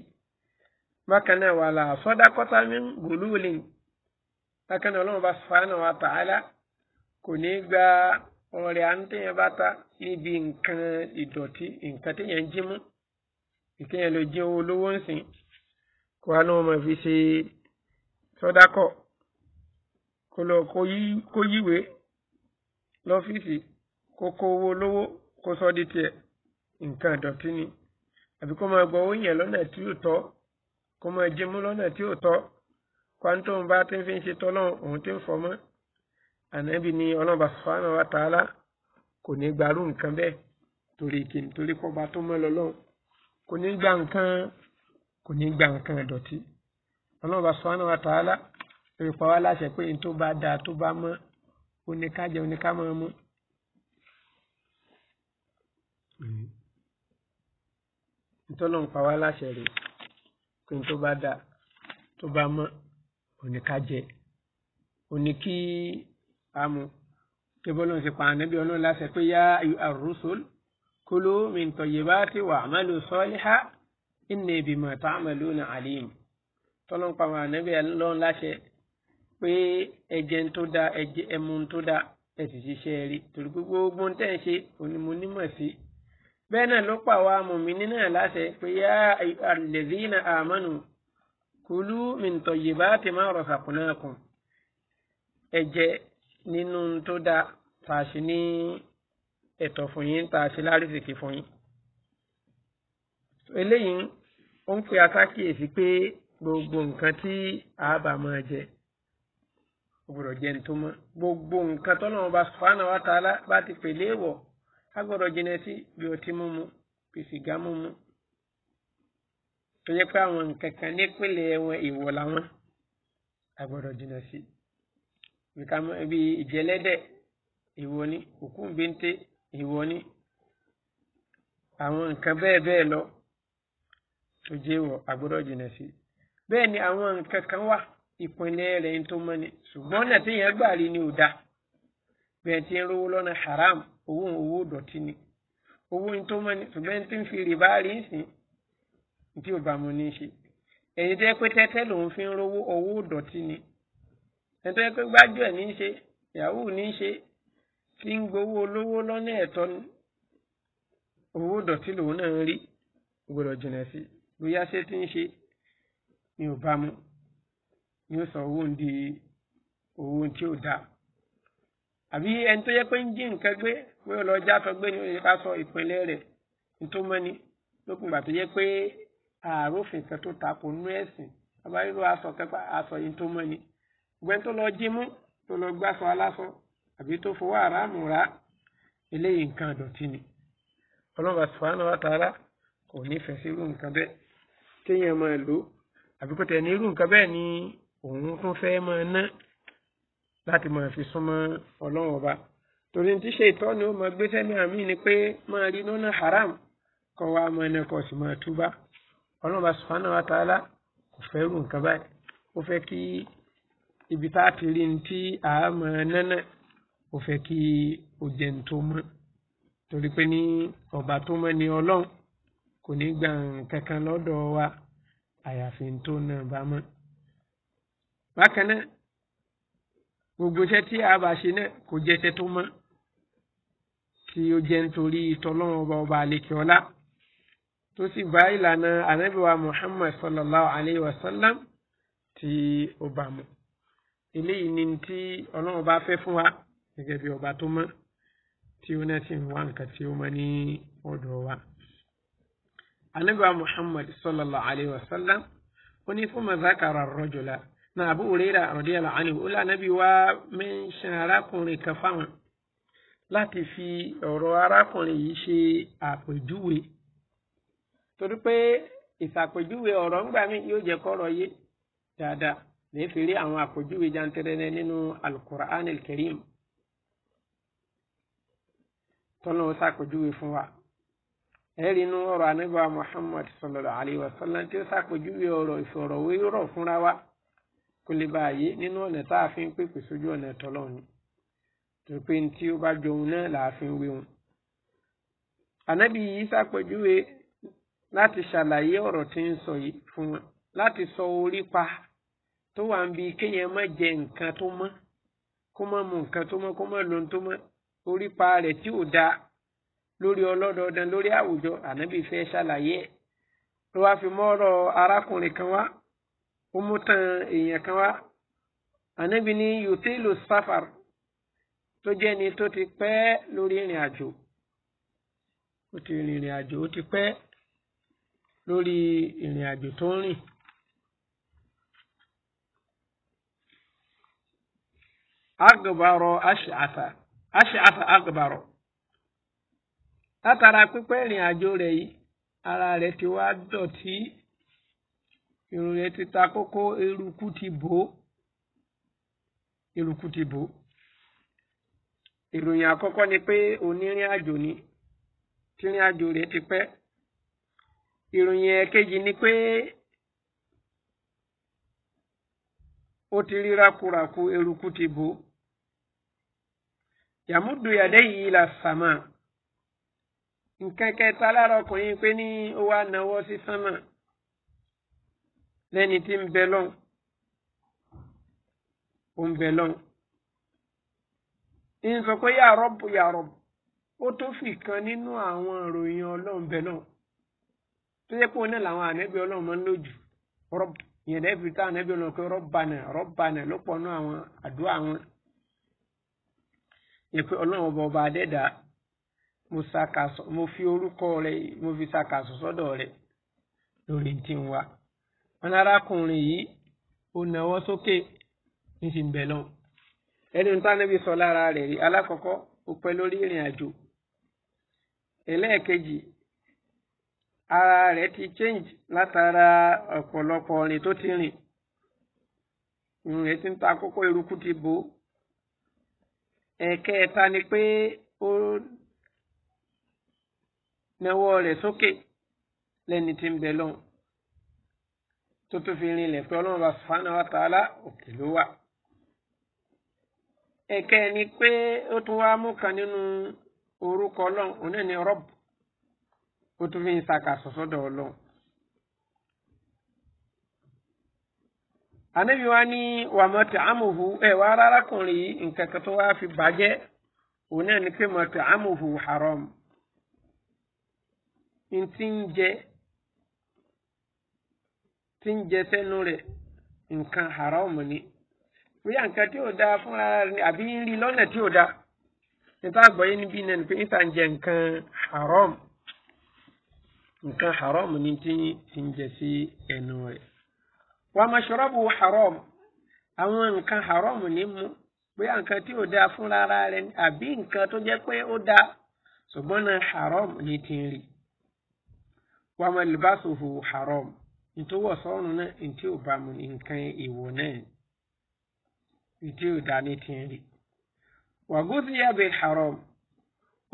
Speaker 1: bákan náà wà là sọ́dákọ́tà mi gòlúùlì bákan náà ọlọ́run bá sàánà wa tààlà kò ní gba ọ̀rẹ́ à ń tẹ̀yàn bá ta níbi nǹkan ìdọ̀tí nǹkan tẹ̀yàn jí mú ìkẹyàn lè jẹ́ owó lówó ń sìn kó wá lóun mọ̀ fi ṣe sọ́dákọ̀ kó lọ kó yíwèé lọ́fíìsì kó kó owó lówó kó sọ di tiẹ̀ nǹkan ìdọ̀tí ni àbí kó máa gbọ́ owó yẹn lọ́nà tí ò tọ́ kó máa jẹmú lọ́nà tí ò tọ́ kwantóun bá ti fi ń ṣe tọ́lọ́run òun ti ń fọmọ́ ànábì ni ọlọ́ba sọ́fàánà wa tààlà kò ní gbarú nǹkan bẹ́ẹ̀ torí kìnnì torí kọba tó mọ́ lọ́lọ́run kò ní gba nǹkan kò ní gba nǹkan ìdọ̀tí ọlọ́ba sọ́fàánà wa tààlà torí pa wá láṣẹ pé n tó bá dáa tó bá mọ́ oníkájẹ oníkámọ́ mọ́. ntọ́lọ́ ń pa wá láṣẹ rẹ̀ pé n tó bá dáa tó bá mọ́ oníkájẹ oníkí àmú tẹ́bọ́lọ́ ń ṣe pa ànábì ọlọ́run láṣẹ pé yá ar-rusul kulu min tayyibati wa'malu salihan inni bima ta'maluna alim tọ́lọ́ ń pa àwọn ànábì ọlọ́run láṣẹ pé ẹjẹ ń tó dáa ẹjẹ ẹmu ń tó dáa ẹ sì ṣiṣẹ́ rí torí pé gbogbo ń tẹ̀ ń ṣe òní mo nímọ̀ sí. bẹ́ẹ̀ náà ló pa àwa mùmíní náà láṣẹ pé yá alladhina amanu kulu min tayyibati ma razaqnakum ẹ jẹ nínú ń tó dáa tàṣí ní ẹ̀tọ́ fún yín tàṣí lárísìkí fún yín. eléyìí ó ń pe akákìyèsí pé gbogbo nǹkan tí a máa jẹ gbọ́dọ̀ jẹ́ ní tó mọ́ gbogbo nǹkan tọ́lọ́run bá sùfàánà wa tààlà bá ti pèlè wọ̀ a gbọ́dọ̀ jìnà sí bí ọtí mímu bí sìgá mímu tó yẹ pé àwọn nǹkan kan nípìnlẹ̀ wọn ìwọ̀ làwọn a gbọ́dọ̀ jìnà bí ìjẹlẹ́dẹ̀ ìwọ̀ ni òkú bínté ìwọ̀ ni àwọn nǹkan bẹ́ẹ̀ bẹ́ẹ̀ lọ tó jẹ́ wọ̀ a gbọ́dọ̀ jìnà sí ni àwọn nǹkan kan wà ìpínlẹ̀ rẹ̀ ń tó mọ́ni ṣùgbọ́n ọ̀nà tí yẹn gbà rí ni ò dáa bẹ́ẹ̀ tí ń rówó lọ́nà haram owó owó dọ̀tí ni owó ń tó mọ́ni ṣùgbọ́n tí ń fi rìbá rí sìn tí ò bá mu ní í ṣe èyí tẹ́ pé tẹ́tẹ́ lòun fi ń rówó owó dọ̀tí ni ẹni tó yẹ pé gbájú ẹ̀ ní í ṣe yahoo ní í ṣe tí ń gbowó olówó lọ́nà ẹ̀tọ́ ni owó dọ̀tí lòun náà ń rí gbọdọ̀ jìnà sí bóyá ṣé tí ń yóò sọ owó ń owó tí ò dáa àbí ẹni tó yẹ pé ń jí nǹkan gbé pé ó lọ já sọ gbé ni ó yẹ ká sọ ìpínlẹ̀ rẹ̀ nítorí mọ́ni lópin ìgbà tó yẹ pé àròfin kan tó takò nú ẹ̀sìn bàbá rírò aṣọ kẹfà aṣọ yìí tó mọ́ni gbẹ́ni tó lọ jí mú tó lọ gbàṣọ aláṣọ àbí tó fowó àràmù rà eléyìí nǹkan àdọ̀tí ni ọlọ́ba sùfàánù àtàrà kò nífẹ̀ẹ́ sí irú nǹkan bẹ́ẹ̀ kéèyàn máa lò àbí ní irú nǹkan bẹ́ẹ̀ ni òun tún fẹ́ máa ná láti máa fi súnmọ́ ọlọ́run ọba torí ti ṣe ìtọ́ni ó máa gbé sẹ́mi àmì ni pé máa rí lọ́nà haram kọ́ wa máa ná kọ́ sì máa túbá ọlọ́run ọba subhanahu wa ta'ala kò fẹ́ rú nǹkan báyìí ó fẹ́ kí ibi tá a ti rí ní tí a máa nánà ó fẹ́ kí o jẹ́ ní tó mọ́ torí pé ní ọba tó mọ́ ni ọlọ́run kò ní gbà nǹkan lọ́dọ̀ wa àyàfi tó náà bá mọ́ bákan náà gbogbo iṣẹ́ tí a bá ṣe náà kò jẹ́ iṣẹ́ tó mọ́ tí ó jẹ́ nítorí tọlọ́run ọba ọba àlekè ọlá tó sì bá ìlànà anábìwá Muhammad sallallahu alayhi wa sallam tí ó bá mu eléyìí ni tí ọlọ́run bá fẹ́ fún wa gẹ́gẹ́ bí ọba tó mọ́ tí ó náà sì ń wá nǹkan tí ó mọ́ ní ọ̀dọ̀ wa. anábìwá Muhammad sallallahu alayhi wa sallam ó ní fún mazakara rọ́jòlá na Abu Hurairah radiyallahu anhu ó lànàbí wá mẹ́ńṣán arákùnrin kan fáwọn láti fi ọ̀rọ̀ arákùnrin yìí ṣe àpèjúwe torí pé ìsàpèjúwe ọ̀rọ̀ ńgbà mí yóò jẹ́ kọ́rọ̀ yé dáadáa lẹ́ẹ̀fì rí àwọn àpèjúwe jantirẹrẹ nínú al-Qur'an al-Karim tọ́nà ó sàpèjúwe fún wa ẹ̀rí inú ọ̀rọ̀ anábà Muhammad sallallahu alayhi wa sallam tí ó sàpèjúwe ọ̀rọ̀ ìfọ̀rọ̀wérọ̀ fúnra wa kó lè bá àyè nínú ọ̀nà tá a fi ń pèpè sójú ọ̀nà tọ́lọ́run ni torí pé tí ó bá jọ òun náà là á fi ń wé òun. ànábì yìí ṣàpèjúwe láti ṣàlàyé ọ̀rọ̀ tí ń sọ yìí fún wọn láti sọ orí pa tó wà ń bi kéèyàn má jẹ nǹkan tó mọ́ kó má mu nǹkan tó mọ́ kó má lo tó mọ́ orí pa rẹ̀ tí ò dáa lórí ọlọ́dọọdán lórí àwùjọ ànábì fẹ́ ṣàlàyé ẹ̀ ló wá fi mọ́ ọ̀rọ̀ arákùnrin kan wá ó mú tán èèyàn kan wá ànábi ní yòtílù sáfàr tó jẹ́ ni tó ti pẹ́ lórí ìrìn àjò ó ti rìn ìrìn àjò ó ti pẹ́ lórí ìrìn àjò tó ń rìn. agbàrọ aṣàtà aṣàtà agbàrọ látara pípẹ́ ìrìn àjò rẹ̀ yìí ara rẹ̀ ti wá dọ̀tí irun yẹn ti ta kókó eruku ti bò ó eruku ti bò ó ìròyìn àkọ́kọ́ ni pé onírìn àjò ni tírìn àjò rẹ̀ ti pẹ́ ìròyìn ẹ̀kejì ni pé ó ti rí rákúrakú eruku ti bò ó yàmúdù yàdé yìí la sàmà nǹkan kẹta lára ọkùnrin pé ní ó wá náwó sí sánmà lẹ́ni tí ń bẹ lọ́hùn ó ń bẹ lọ́hùn ń sọ pé yà rọ́bù yà rọ́bù ó tó fi kan nínú àwọn ìròyìn ọlọ́run bẹ lọ́hùn tó yẹ pé òun náà làwọn ànẹ́bí ọlọ́run máa ń lò jù rọ́bù yẹn lẹ́bi tá ànẹ́bí ọlọ́run pé rọ́bànà rọ́bànà ló pọ̀ nú àwọn àdúrà wọn yẹ pé ọlọ́run ọba ọba adẹ́dà mo ṣàkàsọ mo fi orúkọ rẹ mo fi ṣàkàsọ sọ́dọ̀ rẹ lórí tí ń wá wọn arákùnrin yìí ó náwó sókè ní ti ń bẹ lọ ẹni tó tánàbí sọ lára rẹ̀ rí alákọ̀ọ́kọ́ ó pẹ́ lórí ìrìn àjò ẹlẹ́ẹ̀kejì ara rẹ̀ ti change látara ọ̀pọ̀lọpọ̀ rìn tó ti rìn rìn ti ń ta kókó eruku ti bò ó ẹ̀kẹta ni pé ó náwó rẹ̀ sókè lẹ́ni tí ń bẹ lọ́hùn tó tó fi rinlẹ̀ pé ọlọ́run bá sùfánà wa tààlà òkè ló wà. ẹ̀kẹ́ ni pé ó tún wá mú kan nínú orúkọ ọlọ́run òun náà ni rọ́bù ó tún fi ń ṣàkàsọ̀ sọ́dọ̀ ọlọ́run. anabi wa ni wàmọ̀tì amòhù ẹ̀ wá arákùnrin yìí nǹkan tó wá fi bàjẹ́ òun ni pé mọ̀tì amòhù haram ntí ń jẹ tí ń jẹ sẹ́nu rẹ̀ nǹkan haram ni bóyá nǹkan tí ò dáa fúnra rẹ̀ ni àbí ń rí lọ́nà tí ò dáa nípa àgbọ̀yé níbí náà ni pé níta ń jẹ nǹkan haram nǹkan haram ni tí ń jẹ sí ẹnu rẹ̀ wa mashrabu haram àwọn nǹkan haram ni mu bóyá nǹkan tí ò dáa fúnra rẹ̀ ni àbí nǹkan tó jẹ́ pé ó dáa ṣùgbọ́n náà haram ni tí ń rí wa malbasuhu haram nítorí wọ̀ sọ́run náà ntí ò bá mu nǹkan ìwọ̀ náà ntí ò dá ní tiẹ̀ rí. wàgùsì yàbí haram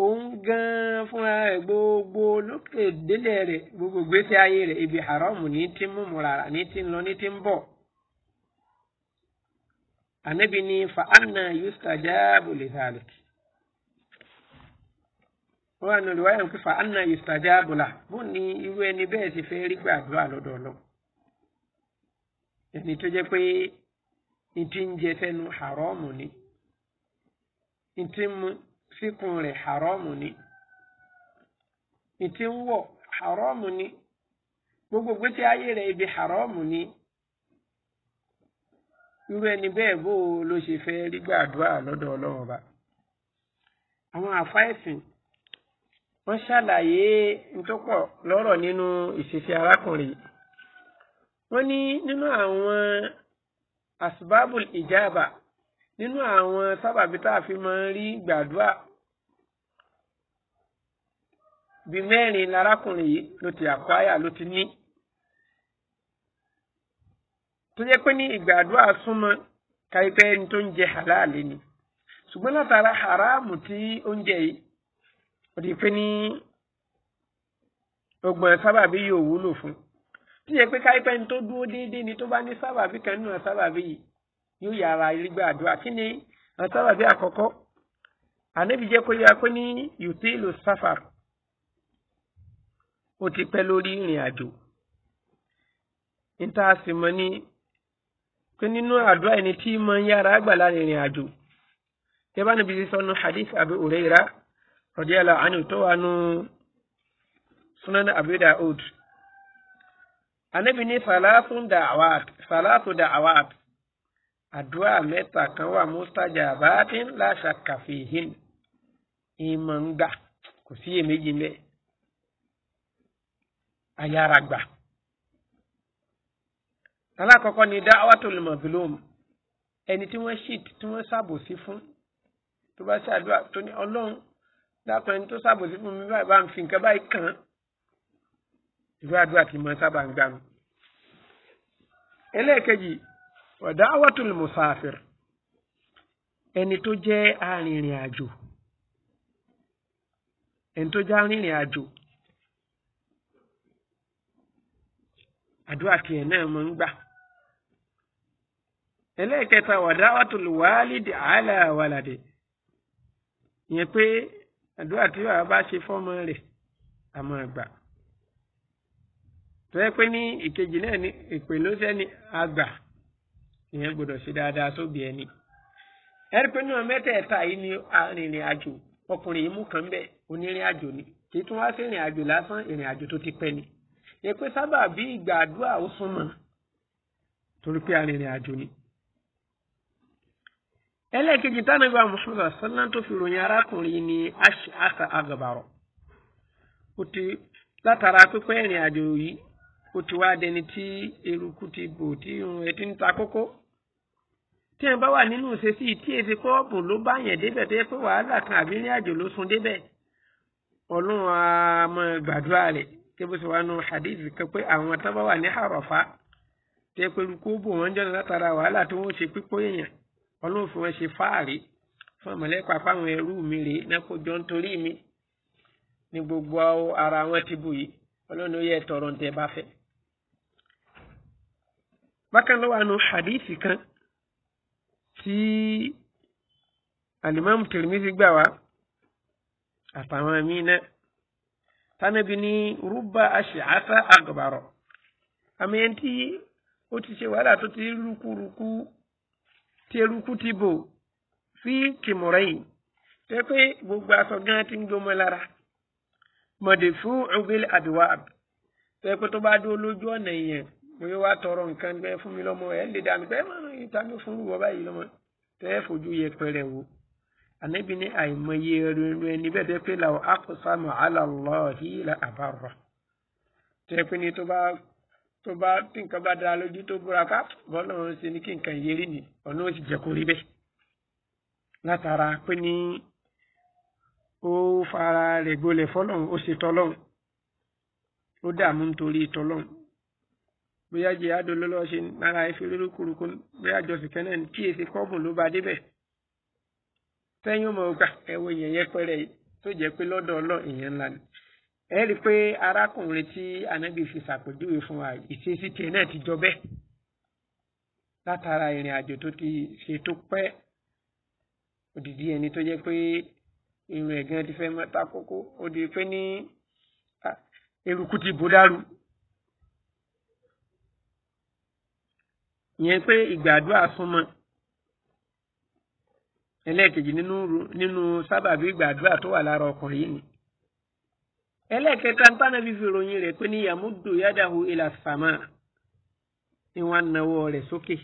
Speaker 1: òun gan fúnra rẹ̀ gbogbo lókè délẹ̀ rẹ̀ gbogbo gbèsè ayé rẹ̀ ibi haram ní ti mú mu rárá ní ti lọ ní ti ń bọ̀. ní fa anna yustajabu li zalik wọ́n àna rẹ̀ wáyà ń pífa anna ìsìtàjà àbùlà bó ní irú ẹni bẹ́ẹ̀ ti fẹ́ rí gbàdúrà lọ́dọ̀ lọ. ẹni tó jẹ́ pé ìdí ń jẹ fẹ́nu haramu ni ìdí mu síkùn rẹ̀ haramu ni ìdí ń wọ̀ haramu ni gbogbo gbèsè ayé rẹ̀ ibi haramu ni irú ẹni bẹ́ẹ̀ bó ló ṣe fẹ́ rí gbàdúrà lọ́dọ̀ ọlọ́run ba àwọn àfáìsìn wọ́n ṣàlàyé ntọ́pọ̀ lọ́rọ̀ nínú ìṣesí arákùnrin wọ́n ní nínú àwọn asbabul ijaba nínú àwọn sábàbí tá a fi máa ń rí gbàdúrà bí mẹ́rin lárákùnrin yìí ló ti àkwáyà ló ti ní tó jẹ́ pé ní ìgbàdúrà súnmọ́ káyipẹ́ ẹni tó ń jẹ halal ni ṣùgbọ́n látara haramu tí ó ń jẹ yìí ó di pé ní ọgbọ̀n sábàbí yìí ò wúlò fún tí yẹ pé káyipẹ́ ní tó dúró déédéé ni tó bá ní sábàbí kan nínú sábàbí yìí yóò yára rígbà àdúrà kí ni sábàbí àkọ́kọ́ ànábì jẹ́ kó yára pé ní yùtílù sáfàr ó ti pẹ́ lórí ìrìn àjò níta sì mọ̀ ní pé nínú àdúrà ẹni tí mọ̀ ń yára gbà láàrin ìrìn àjò tẹ́ bá hadith Abu Hurairah radiyallahu anhu tó wà nù sunan Abi Daud anabi ní falafun da'awat falafun da'awat àdúrà mẹ́ta kan wà mustajabatin la shakka fihin ìmọ̀ ń gbà kò sí èméjì mẹ́ ayára gbà alákọ̀ọ́kọ́ ni da'watul mazlum ẹni tí wọ́n ṣì tí wọ́n ṣàbòsí fún tó bá ṣàdúrà tó ní ọlọ́run dákun ẹni tó ṣàbòsí fún mi báyìí bá ń fi nǹkan báyìí kàn án ìwé àdúrà tí mo sábà ń gbà mí. ẹlẹ́ẹ̀kejì ọ̀dà awọ́tul musafir ẹni tó jẹ́ arìnrìn àjò ẹni tó jẹ́ arìnrìn àjò àdúrà tiẹ̀ náà mo ń gbà. ẹlẹ́ẹ̀kẹta ọ̀dà awọ́tul wálìdì àlà wàlàdì ìyẹn pé àdúrà tí bàbá bá ṣe fọ́mọ rẹ̀ àmọ́ àgbà tó yẹ pé ní ìkejì náà ní ìpè ló sẹ́ni àgbà ìyẹn gbọ́dọ̀ ṣe dáadáa sóbi ẹni ẹ̀rí pé náà mẹ́tẹ̀ẹ̀ta yìí ni arìnrìn àjò ọkùnrin yìí mú kan bẹ́ẹ̀ onírìn àjò ni kì í tún wá sí ìrìn àjò lásán ìrìn àjò tó ti pẹ́ ni èpè sábà bí ìgbà àdúrà ó súnmọ́ torí pé arìnrìn àjò ni ẹlẹ́ẹ̀kejì tánàbí wa muhammad sallan tó fi ròyìn arákùnrin ní asa agabarọ ó ti látara pípẹ́ ìrìn àjò yìí ó ti wá dẹni tí eruku ti bò tí irun ẹ ti ń ta kókó tí ẹ bá wà nínú ìṣesí tí èsì kọ́ọ̀bù ló bá yẹn débẹ̀ tó yẹ pé wàhálà kan àbí ìrìn àjò ló sun débẹ̀ ọlọ́run á mọ gbàdúrà rẹ̀ kí bó ṣe wà nù hadith kan pé àwọn tó bá wà ní àròfá tó yẹ pé eruku ó bò wọ́n jọ́nà ọlọ́run fi wọn ṣe fáàrí fún àmọ̀lẹ́kọ̀ apáwọn ẹrú mi rèé nákójọ nítorí mi ní gbogbo ara wọn ti bù yìí ọlọ́run ó yẹ tọrọ ní tẹ bá fẹ́. bákan náà wà nù hadithi kan tí alimami Tirmidhi gbà wá àtàwọn míì náà tánàbí ní rúbà aṣèáfà àgbàrọ àmì ẹni ó ti ṣe wàhálà tó ti rúkúrúkú tí eruku ti bò sí kìmùrẹ́ yìí tẹ́ pé gbogbo aṣọ gan ti ń gbọmọ lára mọ̀dé fún ọ̀gbẹ́lẹ̀ àdúrà tẹ́ pé tó bá dúró lójú ọ̀nà yẹn mo yóò wá tọrọ nǹkan bẹ́ẹ̀ fún mi lọ́mọ ẹ̀ lè dànù bẹ́ẹ̀ mọ̀ ìta mi fún wọ báyìí lọ́mọ tẹ́ fojú yẹpẹrẹ wò ànábì ní àìmọye rere ẹni bẹ́ẹ̀ tẹ́ pé làwọn akọ̀sámọ̀ alàlọ́ọ̀hí là àbárọ̀ tẹ́ pé ní tó bá tó bá tí nǹkan bá dára lójú tó búra ká bọ́lá òun ṣe ní kí nǹkan yé ni ọ̀nà ó sì jẹ́ kó rí bẹ́ẹ̀ látara pé ní ó fara rẹ̀ gbolẹ̀ fọlọ́run ó ṣe tọlọ́run ó dààmú nítorí tọlọ́run bóyá jẹ́ adolólọ́ ṣe nára efi lórí kurukun bóyá jọ̀sìn kẹ́nẹ́ ní kíyèsí kọ́ọ̀bù ló bá débẹ̀ sẹ́yìn ó mọ̀ gbà ah, ẹ̀wọ̀ ìyẹn yẹpẹrẹ tó jẹ́ pé lọ́dọ̀ ọlọ́ ìyẹn ẹ rí i pé arákùnrin tí anábì fi ṣàpèjúwe fún wa ìṣesí tiẹ̀ náà ti jọ bẹ́ẹ̀ látara ìrìn àjò tó ti ṣe tó pẹ́ òdìdí ẹni tó jẹ́ pé irun ẹ̀gán ti fẹ́ mọ́ta kókó ó di pé ní eruku ti bò dáru ìyẹn pé ìgbàdúrà súnmọ́ ẹlẹ́ẹ̀kejì nínú sábàbí ìgbàdúrà tó wà lára ọkùnrin yìí ni ẹlẹ́ẹ̀kẹta ń tánà fífi ròyìn rẹ̀ pé ní yamudu yadahu ila sama ni wọ́n nawọ́ rẹ̀ sókè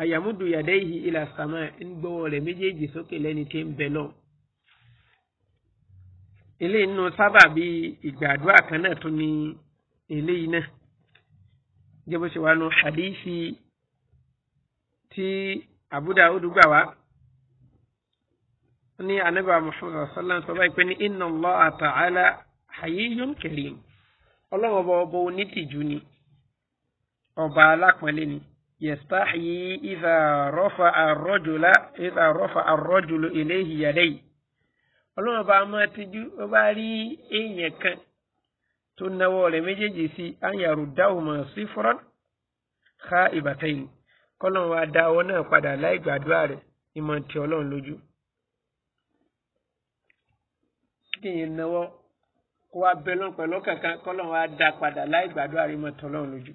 Speaker 1: ayamudu yadaihi ila sama ń gbọ́wọ́ rẹ̀ méjèèjì sókè lẹ́ni tí ń bẹ lọ. eléyìí nù sábà bí ìgbàdúrà kan náà ní eléyìí náà jẹ́ ṣe wà nù hadithi tí Abu Dawud wá ní anabi Muhammad sallallahu alaihi wa sallam sọ báyìí inna Allah ta'ala hayyun karim ọlọ́run ọba ọba onítìjú ni ọba alápọ̀nlé ni yastahyi idha rafa ar-rajula idha rafa ar-rajulu ilayhi yadayhi ọlọ́run ọba máa tijú ó bá rí èèyàn kan tó náwó rẹ̀ méjèèjì sí ayàrú dáhùn sí fúrọ́n ká ìbàtẹ́yìn kọ́lọ́run wa dá ọwọ́ náà padà láì gbàdúrà rẹ̀ ìmọ̀ tí ọlọ́run lójú. kí n náwó kó wa bẹ lọ́n pẹ̀lú kankan kọ́lọ́n wa dá padà láì gbàdúrà rí mọ́ tọ́lọ́run lójú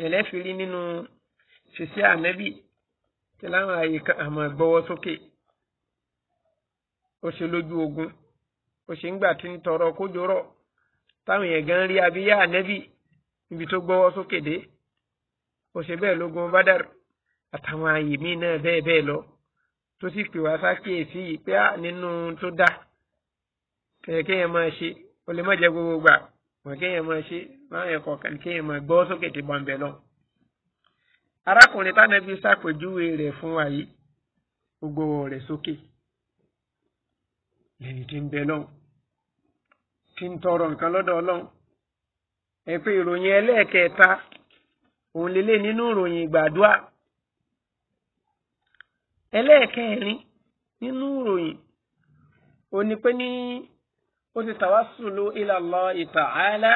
Speaker 1: yẹlẹ́ fi rí nínú ṣèṣe ànẹ́bì tí láwọn àyè kan àmọ́ gbọ́wọ́ sókè ó ṣe lójú ogun ó ṣe ń gbà tí ń tọrọ kójó rọ̀ táwọn yẹn gan rí abíyá ànẹ́bì níbi tó gbọ́wọ́ sókè dé ó ṣe bẹ́ẹ̀ lógun Badar àtàwọn àyè míì náà bẹ́ẹ̀ bẹ́ẹ̀ lọ tó sì pè wá sákìyèsí yìí pé nínú tó dáa kẹ̀kẹ́ yẹn máa ṣe o lè má jẹ gbogbo gbà wọn kéèyàn máa ṣe báyẹn kọ̀ọ̀kan kéèyàn máa gbọ́ sókè tí bọ́ǹbẹ̀ lọ. arákùnrin tánàbí ṣàpèjúwe rẹ̀ fún wa yìí gbogbo rẹ̀ sókè lẹ́ni tí ń bẹ lọ́hùn tí ń tọrọ nǹkan lọ́dọ̀ ọlọ́hun ẹ pé ìròyìn ẹlẹ́ẹ̀kẹta òun lélẹ̀ nínú ìròyìn ìgbàdúà ẹlẹ́ẹ̀kẹrin nínú ìròyìn òun ni pé ní. Ni o ti tawassulu ila Allahi ta'ala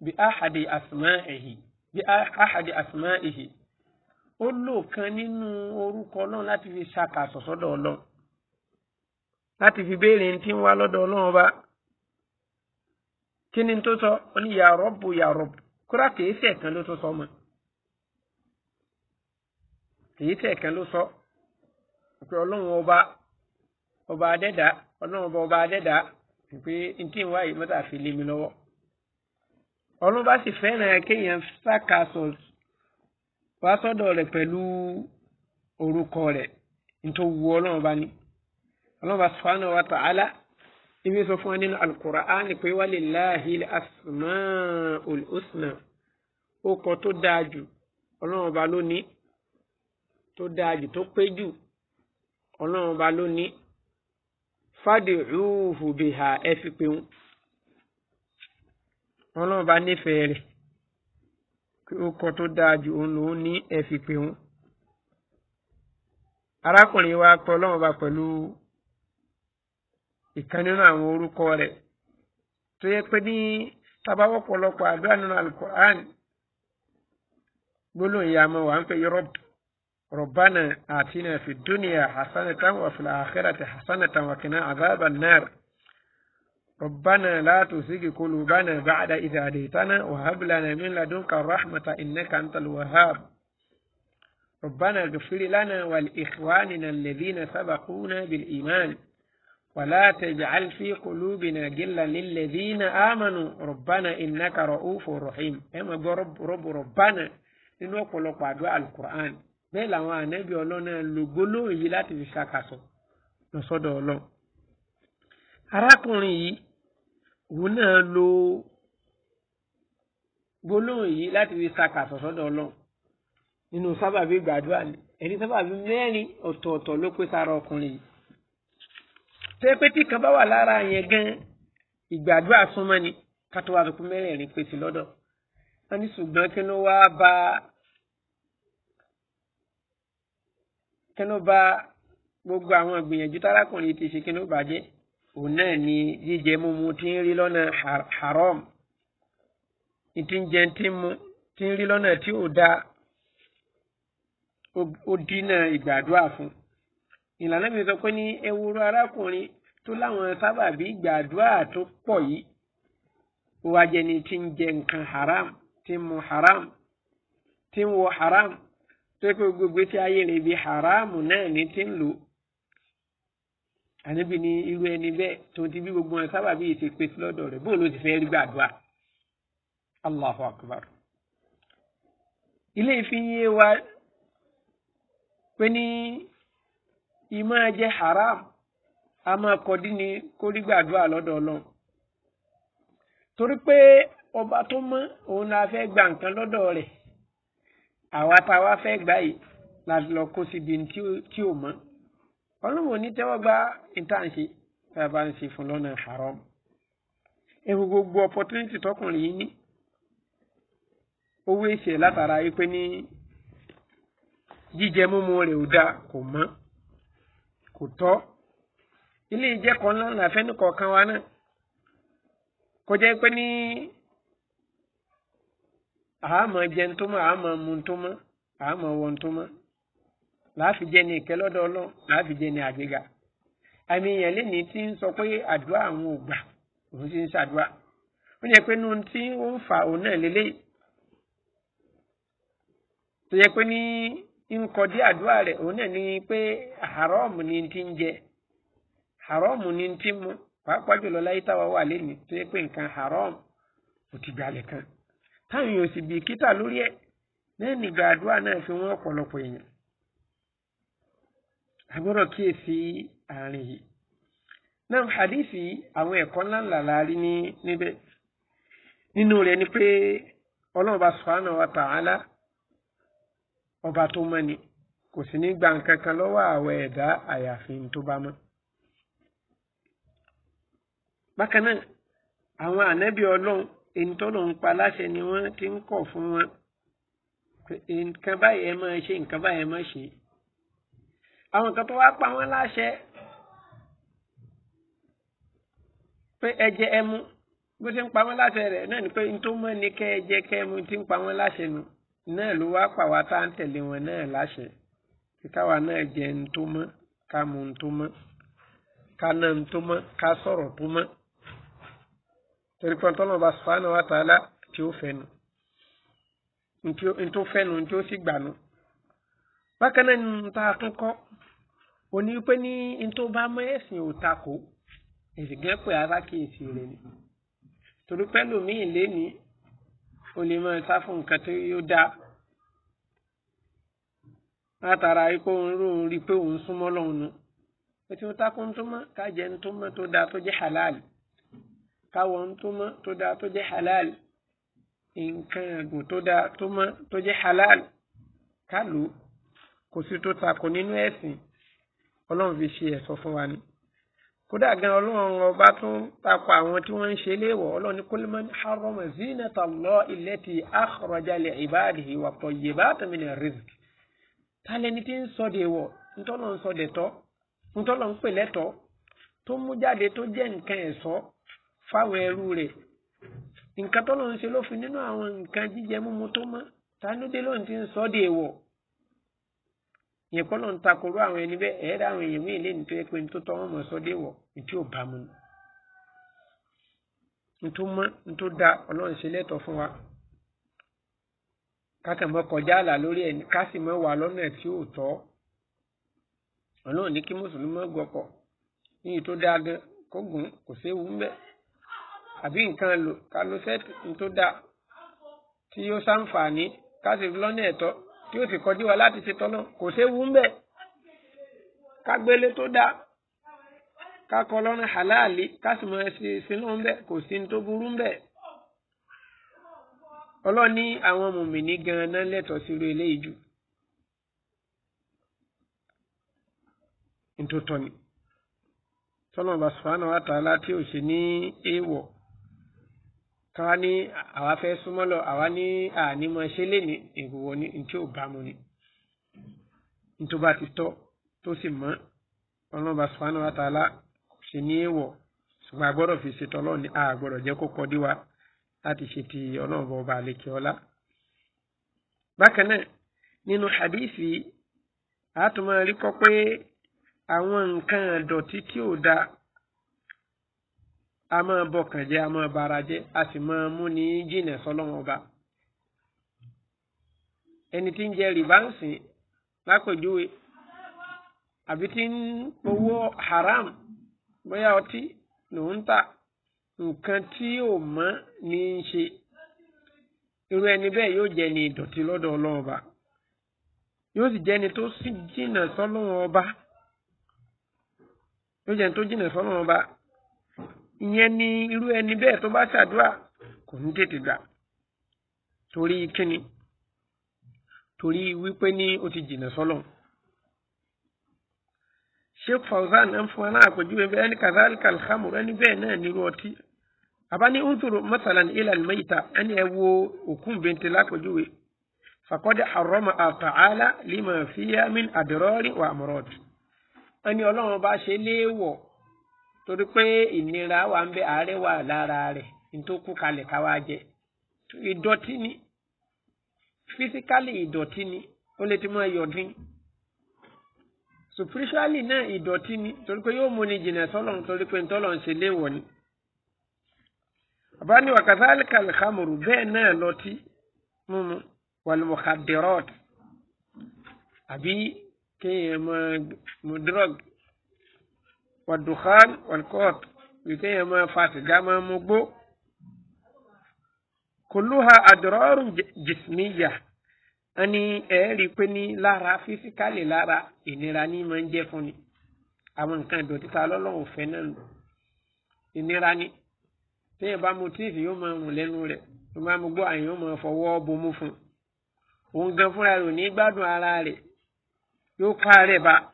Speaker 1: bí ahadi asma'ihi bí ahadi asma'ihi kan nínú orúkọ náà láti fi ṣàkàsọ̀ sọ́dọ̀ ọlọ́run láti fi béèrè ní tí ń wá lọ́dọ̀ ọlọ́run ọba kí ni tó sọ ó ní ya Rabbu kúrà kìí ṣe kan ló tó sọ mọ́ kìí ṣe ẹ̀kan ló sọ pé ọba ọba pé n tí ń wá yìí mọ́tà fi lé mi lọ́wọ́ ọlọ́run bá sì fẹ́ràn kéèyàn sàkàsọ wá sọ́dọ̀ rẹ̀ pẹ̀lú orúkọ rẹ̀ nítorí wu ọlọ́run bá ní ọlọ́run bá subhanahu wa ta'ala ibi sọ fún wa nínú al-Qur'an pé walillahi al-asma'ul husna ó kọ tó dáa jù ọlọ́run ọba ló ní tó dáa jù tó pé jù ọlọ́run ọba ló fàdíhùhù bìhà ẹ fi pé wọn ọlọ́run bá nífẹ̀ẹ́ rẹ̀ kí ó kọ tó dáa ju òun lòún ní ẹ fi pé wọn. arákùnrin wa pọ̀ ọlọ́run bá pẹ̀lú ìkan nínú àwọn orúkọ rẹ̀ tó yẹ pé ní tabawọ́pọ̀lọpọ̀ àdúrà nínú alukur'an gbólóhùn ìyá ọmọ wa ń pè yọrọ́bù. ربنا آتنا في الدنيا حسنة وفي الآخرة حسنة وقنا عذاب النار ربنا لا تزغ قلوبنا بعد إذا هديتنا وهب لنا من لدنك الرحمة إنك أنت الوهاب ربنا اغفر لنا ولإخواننا الذين سبقونا بالإيمان ولا تجعل في قلوبنا غلا للذين آمنوا ربنا إنك رؤوف رحيم أما إيه رب رب ربنا إنه قلق على القرآن bẹ́ẹ̀ làwọn ànẹ́bí ọlọ́run náà lò gbólóhùn yìí láti fi ṣàkàsọ̀ lọ sọ́dọ̀ ọlọ́run. arákùnrin yìí òun náà lo gbólóhùn yìí láti fi ṣàkàsọ̀ sọ́dọ̀ ọlọ́run nínú sábàbí gbàdúrà ni ẹni sábàbí mẹ́rin ọ̀tọ̀ọ̀tọ̀ ló pé sára ọkùnrin yìí. tẹ́pẹ́ kan bá wà lára yẹn gan ìgbàdúrà súnmọ́ ni ká tó wá tó kú mẹ́rẹ̀ẹ̀rin pèsè lọ́dọ̀ kí ló bá gbogbo àwọn ìgbìyànjú tárákùnrin ti ṣe kí ló bàjẹ́ òun náà ni jíjẹ mímu tí ń rí lọ́nà haram tí ń jẹ tí ń mu tí ń rí lọ́nà tí ò dáa ó dínà ìgbàdúrà fún ìlànà mi sọ pé ní ewúro arákùnrin tó láwọn sábàbí ìgbàdúrà tó pọ̀ yìí ó wá jẹni tí ń jẹ nǹkan haram tí ń mu haram tí ń wo haram tó pé gbogbo tí ayé rẹ̀ ibi haramu náà ní ti ń lò ànábì ní irú ẹni bẹ́ẹ̀ tó ti bí gbogbo wọn sábà bí ìṣe pé lọ́dọ̀ rẹ̀ bóun ló ti fẹ́ rí gbàdúrà Allahu akbar ilé ìfiyé wa pé ní ìmọ̀ jẹ́ haram a máa kọ́dí ni kó rí gbàdúrà lọ́dọ̀ ọlọ́run torí pé ọba tó mọ́ òun la fẹ́ gba nǹkan lọ́dọ̀ rẹ̀ àwa tá a wá fẹ́ gbà yìí la lọ kó síbi tí ò mọ́ ọlọ́run ò ní tẹ́wọ́ gba ìtànṣe tá a bá ń ṣe fún lọ́nà haram ewu gbogbo opportunity tọkùnrin yìí ní owó ìṣe látara wípé ní jíjẹ mímu rẹ̀ ò dáa kò mọ́ kò tọ́ ilé ìjẹ́kọ̀ọ́ ńlá làfẹ́ nìkọ̀ọ̀kan wa náà kò jẹ́ pé ní àmọ́ jẹun tó mọ́ àmọ́ mu tó mọ́ àmọ́ wọn tó mọ́ láàfin jẹ́ ní ìkẹ́ lọ́dọ̀ ọlọ́run láàfin jẹ́ ní àgbéga àmì èèyàn lẹ́ni tí ń sọ pé àdúrà àwọn ò gbà òun ti ń ṣàdúrà ó yẹ pé nínú tí ó ń fa òun náà lélẹ́yìí tó yẹ pé ní nkọdí àdúrà rẹ̀ òun náà ní pé haram ni ti ń jẹ haram ni ti ń mu pàápàá jùlọ láyé táwa wà lẹ́nu tó yẹ pé nǹkan haram kò ti gbalẹ̀ kan táwọn èèyàn sì bìkítà lórí ẹ̀ náà nígbà àdúrà náà fi wọ́n ọ̀pọ̀lọpọ̀ èèyàn a gbọ́dọ̀ kíyèsí àárín yìí náà hadithi àwọn ẹ̀kọ́ ńláńlá láàrin ní níbẹ̀ nínú rẹ̀ ni pé ọlọ́run ọba tó mọ́ gba nǹkan kan lọ́wọ́ àwọ̀ ẹ̀dá àyàfi tó bá mọ́. bákan ìtọ́nà ń pa láṣẹ ni wọ́n ti ń kọ̀ fún wọn nǹkan báyìí ẹ máa ṣe nǹkan báyìí ẹ máa ṣe àwọn nǹkan tó wá pa wọ́n láṣẹ pé ẹ jẹ ẹ mu bó ṣe ń pa wọ́n láṣẹ rẹ̀ náà ni pé n tó mọ̀ ní kẹ́ ẹ jẹ kẹ́ ẹ ti ń pa wọ́n láṣẹ nu náà ló wá pa wá tá à ń tẹ̀lé wọn náà láṣẹ kíkáwa náà jẹ n tó mọ́ ká mu n tó mọ́ ká ná n tó mọ́ ká sọ̀rọ̀ tó mọ́ torí pé ọtọ́ lọ́ba sùfàánù wa tààlà tí ó fẹ́nu ntí ó fẹ́nu ntí ó sì gbànú. bákan náà ní ta akẹ́kọ̀ọ́ òní pé ní ntí ó bá mọ ẹ̀sìn ò takò èsì gẹ́ pé ara kíyèsí rẹ̀ ni torí pé lómiì lẹ́ni o lè máa sá fún nǹkan tó yóò dáa látara ikú òun rò ń rí pé òun súnmọ́ lọ́hùn-ún ètò ìtakùn tó mọ́ kájẹ́ ń tó mọ́ tó dáa tó jẹ́ halal káwọ ń tó mọ́ tó dáa tó jẹ́ halal nǹkan ẹ̀gùn tó dáa tó mọ́ tó jẹ́ halal ká lò ó kò sí tó takò nínú ẹ̀sìn ọlọ́run fi ṣe ẹ̀sọ́ fún wa ni kódà gan ọlọ́run ọba tó ń takò àwọn tí wọ́n ń ṣe léèwọ̀ ọlọ́run ní kul man zinata Allahi allati akhraja li ibadihi wa tayyibati min ar-rizq tí ń sọ de wọ̀ ntọ́lọ́ ń sọ de tọ́ ntọ́lọ́ ń pè lẹ́tọ́ tó mú jáde tó jẹ́ nǹkan ẹ̀sọ́ fáwọn ẹrú rẹ nǹkan tọ́lọ́ ń ṣe lófin nínú àwọn nǹkan jíjẹ múmu tó mọ́ tanúdé ló ń ti ń sọ ọ́ dé èèwọ̀ yẹn kọ́ ló ń takoró àwọn ẹni bẹ́ẹ̀ ẹ̀ẹ́dá àwọn èèyàn míì lẹ́nu tó yẹ pé nítorí tọ́wọ́ mọ̀ sọ́ dé ò da ọlọ́run ṣe wa mọ́ lórí ẹ̀ ká sì mọ́ wà lọ́nà tí ò tọ́ ọlọ́run ní kí mùsùlùmí mọ́ gbọ́kọ̀ tó dáa àbí nǹkan lò ká ló fẹ́ tó dáa tí yóò ṣàǹfààní ká sì fi lọ́nà ẹ̀tọ́ tí yóò sì kọjú wa láti ṣe tọ́nà kò séwu ń bẹ̀ ká gbélé tó dáa ká kọ lọ́nà halali ká sì mọ ẹsẹ̀ sínú ń bẹ̀ kò sí ní tó burú ń bẹ̀. ọlọ́run ní àwọn mùmìnì gan-an lẹ́tọ̀ọ́ sí irú eléyìí jù. ntòtọ́ ni tọ́lọ́mọba sùfàánù àtàlà tí ò ṣe ní èèwọ̀ kan wá ní àwa fẹ́ súnmọ́ lọ àwa ní ànímọ̀ ṣe lè ní ìwọ ní tí ò bá mu ni nítorí bá ti tọ́ tó sì mọ́ ọlọ́run sùpánù àtàlà ṣe ní èèwọ̀ ṣùgbọ́n a fi ṣètò ọlọ́run ní a jẹ́ kó kọdí wa láti ṣe ti ọlọ́run bọ̀ ọba àlekè ọlá. bákan náà nínú hadithi àtúmọ̀ rí kọ́ pé àwọn nǹkan ìdọ̀tí tí ò dáa a máa bọkàn jẹ́ a máa bara jẹ́ a sì máa mú ní jìnà sọ́lọ́wọ́n ọba ẹni tí ń jẹ rìbá lápèjúwe àbí tí ń powó haram bóyá ọtí lòún ta nǹkan tí ò mọ́ ní í ṣe irú ẹni bẹ́ẹ̀ yóò jẹ́ ni ìdọ̀tí lọ́dọ̀ ọlọ́run ọba yóò sì jẹ́ni tó sì jìnà sọ́lọ́run ọba yóò jẹ́ni tó jìnà sọ́lọ́run ọba ìyẹn ni irú ẹni bẹ́ẹ̀ tó bá ṣàdúrà kò ní tètè gbà torí kíni torí wípé ní ó ti jìnnà sọ́lọ̀ sheikh fauzan ń fún wa àpèjúwe bẹ́ẹ̀ ní kazalika alhamur ẹni bẹ́ẹ̀ náà nírú ọtí abani unzuru masalan ila almaita ẹni ẹ wo òkun bente lápèjúwe fakọ́dé haroma àtàlà lima fiya min adirori wa amurod ẹni ọlọ́run bá ṣe léèwọ̀ torí pé ìnira wà ń bẹ àárẹ̀ wà lára rẹ̀ nítorí kú kalẹ̀ ká wá jẹ ìdọ̀tí ni fisikálì ìdọ̀tí ni ó lè ti máa yọ̀dín spiritually náà ìdọ̀tí ni torí pé yóò múni jìnnà sọ́lọ́run torí pé ntọ́lọ́run ṣe léèwọ̀ ni. bàbá ní wàkàtàlì kàlìkàmùrù bẹ́ẹ̀ náà lọtí mímu wàlùmọ̀kàdìrọ́ọ̀tì àbí kéèyàn máa mu drug wàdùkán wàlkọ́t wíkẹ́ yẹn máa fa sìgá máa mú gbó. kùlùhà àdúrọ́rùn jìsmíyà a ní ẹ̀ẹ́rì pé ní lára físíkálì lára ìnira ní máa ń jẹ́ fún ni àwọn nǹkan ìdọ̀tí ta lọ́lọ́run fẹ́ náà lò ìnira ni téèyàn bá mu tíìfì yóò máa rùn lẹ́nu rẹ̀ tó bá mu gbó àyàn yóò máa fọwọ́ bomú fún un òun gan fúnra rẹ̀ ò ní gbádùn ara rẹ̀ yóò ká rẹ̀ bá a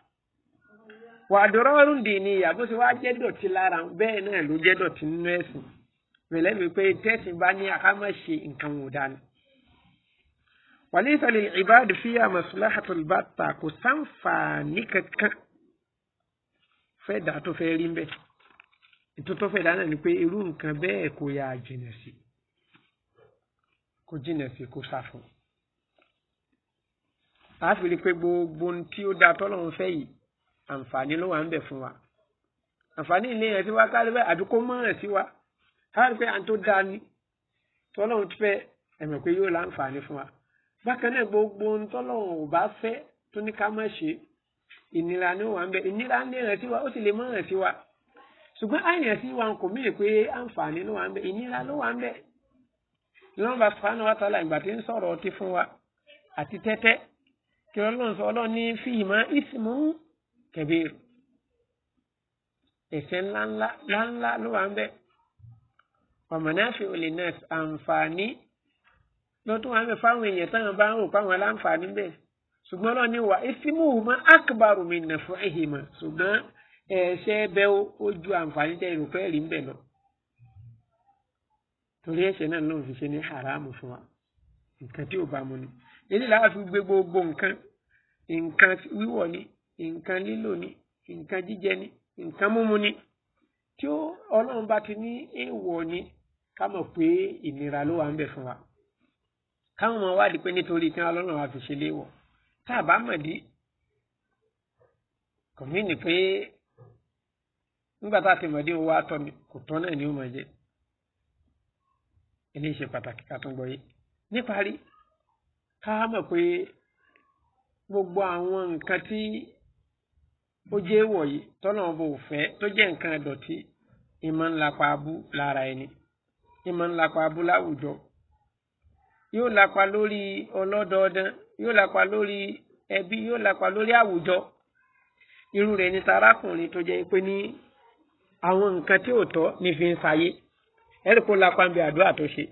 Speaker 1: wàdúrọ́rùn dì ní ìyàbó ṣe wáá jẹ́ dọ̀tí lára bẹ́ẹ̀ náà ló jẹ́ dọ̀tí nínú ẹ̀sìn pẹ̀lẹ́mi pé tẹ́sìn bá ní àkámọ́ ṣe nǹkan wò dáni. wàlẹ́ ìsàlẹ̀ ìbáàdì fíyà maslahatul batta kò sáǹfààní kankan fẹ́ dà tó fẹ́ rí mbẹ́ ètò tó fẹ́ dà ni pé irú nǹkan bẹ́ẹ̀ kò yà jìnà sí kò jìnà sí kò sáfún. a fi rí i pé gbogbo ohun tí ó da tọ́lọ́run fẹ́ yìí àǹfààní ló wà ń bẹ̀ fún wa àǹfààní ilé yẹn tí wá kárí bẹ́ẹ̀ àbí kó mọ̀ràn sí wa kárí pé à ń tó dáa ni tọ́lọ́run ti fẹ́ ẹ̀mọ̀ pé yóò láǹfààní fún wa bákan náà gbogbo ohun tọ́lọ́run ò bá fẹ́ tó ní ká má ṣe ìnira ni ó wà ń bẹ ìnira ń lè ràn sí wa ó sì lè mọ̀ràn sí wa ṣùgbọ́n àyàn sí wa kò mí pé àǹfààní ló wà ń bẹ ìnira ló wà ń bẹ lọ́nà sùpánù wa tọ́lá ìgbà tí ń sọ̀rọ̀ ọtí fún wa àti tẹ́tẹ́ kí ọlọ́run sọ ọlọ́run ní fíìmọ̀ ìsìmọ̀ kẹbíìrù ẹ̀ṣẹ̀ ńláńlá ńláńlá ló wà ń bẹ ọmọnáfi olè náà àǹfààní ló tún wà ń bẹ fáwọn èèyàn táwọn bá ń rò fáwọn aláǹfààní bẹ́ẹ̀ ṣùgbọ́n lọ ní wà ìsímùhùmá akbaru mi nà fún ìhìmà ṣùgbọ́n ẹ̀ṣẹ̀ bẹ ó ju àǹfààní tẹ ìrò fẹẹ rí ń bẹ lọ torí ẹ̀ṣẹ̀ náà ló fi ṣe ní haramu fún wa nǹkan tí ò bá mu ni èyí làá gbé gbogbo nǹkan nǹkan wíwọ ni nǹkan lílò ni nǹkan jíjẹ ni nǹkan múmu ni tí ó ọlọ́run bá ti ní èèwọ̀ ni ká mọ̀ pé ìnira ló wà ń bẹ̀ fún wa káwọn ọmọ wádìí pé nítorí kí wọn lọ́nà wa fi ṣe léèwọ̀ tá a bá mọ̀ dí kò ní ní pé nígbà tá a ti mọ̀ dí owó atọ́ ni kò tán náà ni ó mọ̀ jẹ́ eléyìí ṣe pàtàkì ká tún gbọ́ yé níparí ká mọ̀ pé gbogbo àwọn nǹkan tí ó jẹ́ èèwọ̀ yìí tọ́nà ọba ò fẹ́ tó jẹ́ nǹkan ẹ̀dọ̀tí ìmọ̀ ń lapa abú lára ẹni ìmọ̀ ń lapa abú láwùjọ yóò lapa lórí ọlọ́dọọdán yóò lapa lórí ẹbí yóò lapa lórí àwùjọ irú rẹ̀ ní tarákùnrin tó jẹ́ pé ní àwọn nǹkan tí ò tọ́ ní fi ń sayé ẹ̀rí kó lapa ń bi àdúrà tó ṣe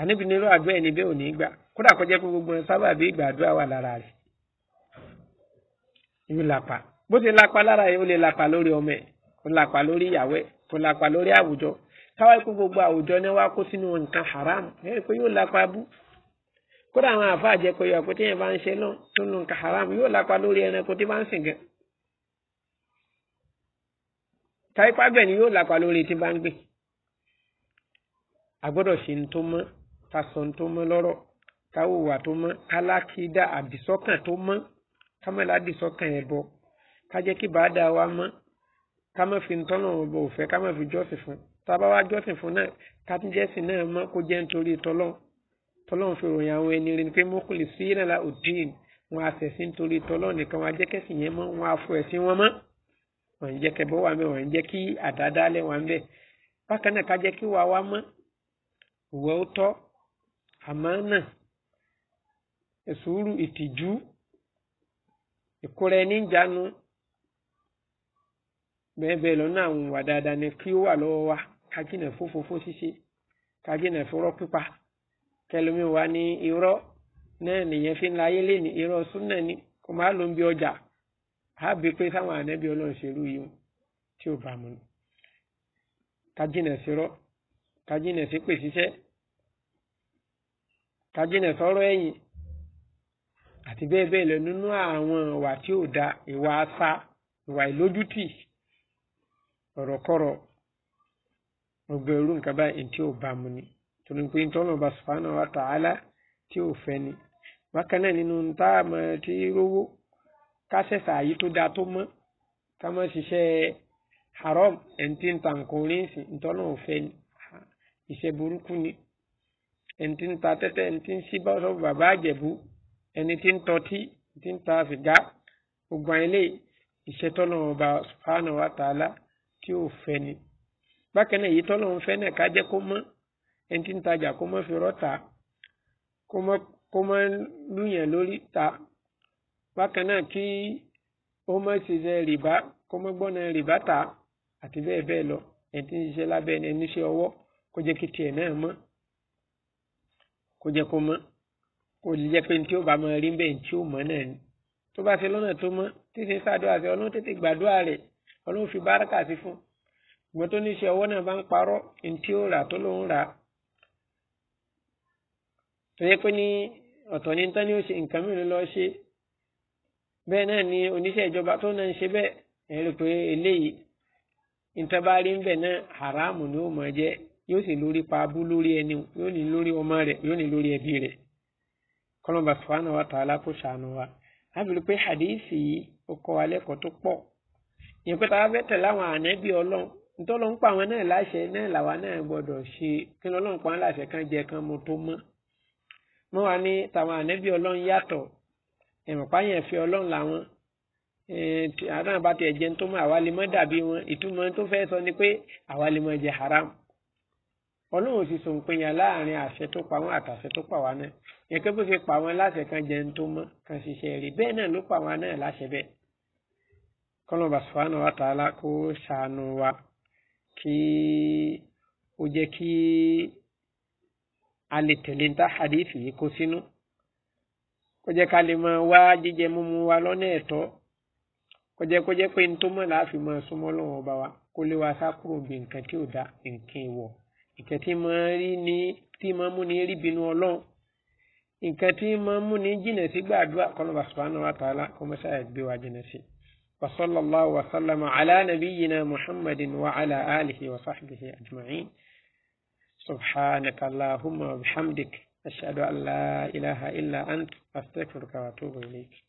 Speaker 1: àníbi nírú àdúrà ẹni bẹ́ẹ̀ ò ní gbà kódà kọjá pé gbogbo ẹ̀ sábà bí ìgbà àdúrà wà lára rẹ̀ yóò lapa bó ti lapa lára yìí ó lè lapa lórí ọmọ ẹ̀ ó lapa lórí ìyàwó ẹ̀ ó lapa lórí àwùjọ káwá ikú gbogbo àwùjọ ni wàá kó sínú nǹkan haram ẹ̀rí pé yóò lapa bú kódà àwọn àfa àjẹpọ̀ yóò àpótí yẹn bá ń ṣe lọ nínú nǹkan haram yóò lapa lórí ẹranko tí bá ń sìn gan káyipá bẹ́ẹ̀ ni yóò lapa lórí tí bá ń gbìn agbọ́dọ̀ ṣe ń tó mọ́ ká ń tó mọ́ lọ́rọ̀ ká hùwà tó mọ́ ká lákìdá tó mọ́ ká má ládì sọ́kàn ẹ̀ bọ ká jẹ́ kí bàádà wa mọ́ ká má fi tọ́nà ọ̀bọ̀ òfẹ́ ká má fi jọ́sìn fún tá a bá wá jọ́sìn fún náà ká tún jẹ́sìn náà mọ́ kó jẹ́ nítorí tọ́lọ́n tọ́lọ́n fi ròyìn àwọn ẹni rìn pé mọ́kùlì sí ìrànlá òdìrín wọn àfẹ̀sí nítorí tọ́lọ́n nìkan wọn àjẹ́kẹ́sìn yẹn mọ́ wọn àfọ ẹ̀sìn wọn mọ́ wọn jẹ́ kẹbọ wà mẹ́ wọn jẹ́ kí àdádálẹ̀ wà mẹ́ bákan náà ká jẹ́ kí wà wá mọ́ ìwẹ́ ó tọ́ àmọ́ náà sùúrù ìkóra ẹni ń jánu bẹ́ẹ̀ bẹ́ẹ̀ lọ́nà àwọn ìwà dáadáa ni kí ó wà lọ́wọ́ wa ká jìnà fófófó ṣíṣe ká jìnà fúrọ́ pípa kẹlòmí wa ní irọ́ náà nìyẹn fi ń la ayé lẹ́nu irọ́ súnà ni kò máa ló ń bí ọjà á bí pé sáwọn ànábì ọlọ́run ṣerú yìí tí ò bá mu ni ká jìnà sírọ́ ká jìnà sí pèsè iṣẹ́ ká jìnà sọ́rọ́ àti bẹ́ẹ̀ bẹ́ẹ̀ lọ nínú àwọn ìwà tí ò da ìwà asa ìwà ìlójútì ọ̀rọ̀kọ̀rọ̀ gbogbo irú nǹkan báyìí tí ò bá mu ni torí pé ń tọ́lọ̀ bá subhanahu wa ta'ala tí ò fẹ́ ni bákan náà nínú tá a mọ̀ tí rówó ká ṣẹ̀ṣà yìí tó da tó mọ́ ká má ṣiṣẹ́ haram ẹni tí ń ta nǹkan orí ìsìn ń tọ́lọ̀ ò ni iṣẹ́ burúkú ni ẹni tí ń ta tẹ́tẹ́ ẹni tí ń ṣí bá sọ́ọ̀bù bàbá àjẹ̀bú ẹni tí ń tọ́tí tí ń ta àfìgá gbogbo àwọn eléyìí iṣẹ́ tọ́nà ọba subhanahu wa ta'ala tí ò fẹ́ ni bákan náà èyí tọ́nà ń fẹ́ náà ká jẹ́ kó mọ́ ẹni tí ń tajà kó mọ́ fi rọ́ta kó mọ́ kó lórí ta bákan náà kí ó mọ́ ṣiṣẹ́ rìbá kó mọ́ gbọ́nà rìbá ta àti bẹ́ẹ̀ bẹ́ẹ̀ lọ ẹni tí ń ṣiṣẹ́ lábẹ́ ẹni ẹni iṣẹ́ ọwọ́ kó jẹ́ kí tiẹ̀ náà mọ́ kó jẹ́ kó mọ́ kò lè jẹ́ pé ní tí ó bá mọ rí bẹ́ẹ̀ ní tí ó mọ̀ náà ni tó bá ṣe lọ́nà tó mọ́ tí ṣe ṣàdúrà sí ọlọ́run tètè gbàdúrà rẹ̀ ọlọ́run fi báràkà sí fún ìgbọ́n tó ní ṣe ọwọ́ náà bá ń parọ́ ní tí ó rà tó lóun rà tó yẹ pé ní ọ̀tọ̀ ní tán ni ó ṣe nǹkan mìíràn lọ ṣe bẹ́ẹ̀ náà ni oníṣẹ́ ìjọba tó náà ń ṣe bẹ́ẹ̀ ẹ̀ rò pé eléyìí nǹkan bá rí ń náà haramu ni ó mọ̀ jẹ́ yóò sì lórí pa abú lórí ẹni yóò ní lórí ọmọ rẹ̀ yóò ní lórí ẹbí rẹ̀ kọlọmọba subhanahu wa ta'ala kó ṣàánú wa láti rí pé hadisi yìí ó kọ́ wa lẹ́kọ̀ọ́ tó pọ̀ ìyẹn pé tá a fẹ́ tẹ̀lé àwọn ànẹ́bí ọlọ́run nítorí ọlọ́run pa àwọn náà láṣẹ náà làwa náà gbọ́dọ̀ ṣe kí ọlọ́run pa wọn láṣẹ kan jẹ kan mo tó mọ́ mọ́ wa ní tàwọn ànẹ́bí ọlọ́run yàtọ̀ ẹ̀mọ̀pá yẹn fi ọlọ́run làwọn àdáhùn bá tiẹ̀ jẹun tó mọ́ àwa dàbí wọn ìtumọ̀ tó fẹ́ sọ ni pé àwa jẹ haram ọlọ́run sì sọ òǹpinya láàrin àṣẹ tó pa wọn àtàṣẹ tó pa wá náà ẹ̀kẹ́ bó ṣe pa wọn láṣẹ kan jẹun tó mọ́ kan ṣiṣẹ́ rí bẹ́ẹ̀ náà ló pa wọn náà láṣẹ bẹ́ẹ̀ kọ́lọ́ba sùfàánù wa tààlà kó ṣàánú wa kí ó jẹ́ kí a lè tẹ̀lé ń tá hadith yìí kó sínú kó jẹ́ ká lè máa wá jíjẹ mímu wa lọ́nà ẹ̀tọ́ kó jẹ́ kó jẹ́ pé ní tó mọ̀ láàfin máa súnmọ́ lọ́wọ́ ọba wa kó lè wá sá bí nǹkan tí ò da nǹkan ìwọ̀ ìkẹ́ tí rí ní tí máa mú ní rí bínú ọlọ́run nǹkan tí máa ń múni jìnà sí gbàdúrà kọlọ́ba subhanahu wa ta'ala kó mọ́ṣá ẹ̀ gbé wa jìnà sí. wa sallallahu wa sallama ala nabiyyina muhammadin wa ala alihi wa sahbihi ajma'in subhanaka allahumma wa bihamdik ashhadu an la ilaha illa ant astaghfiruka wa atubu ilayk.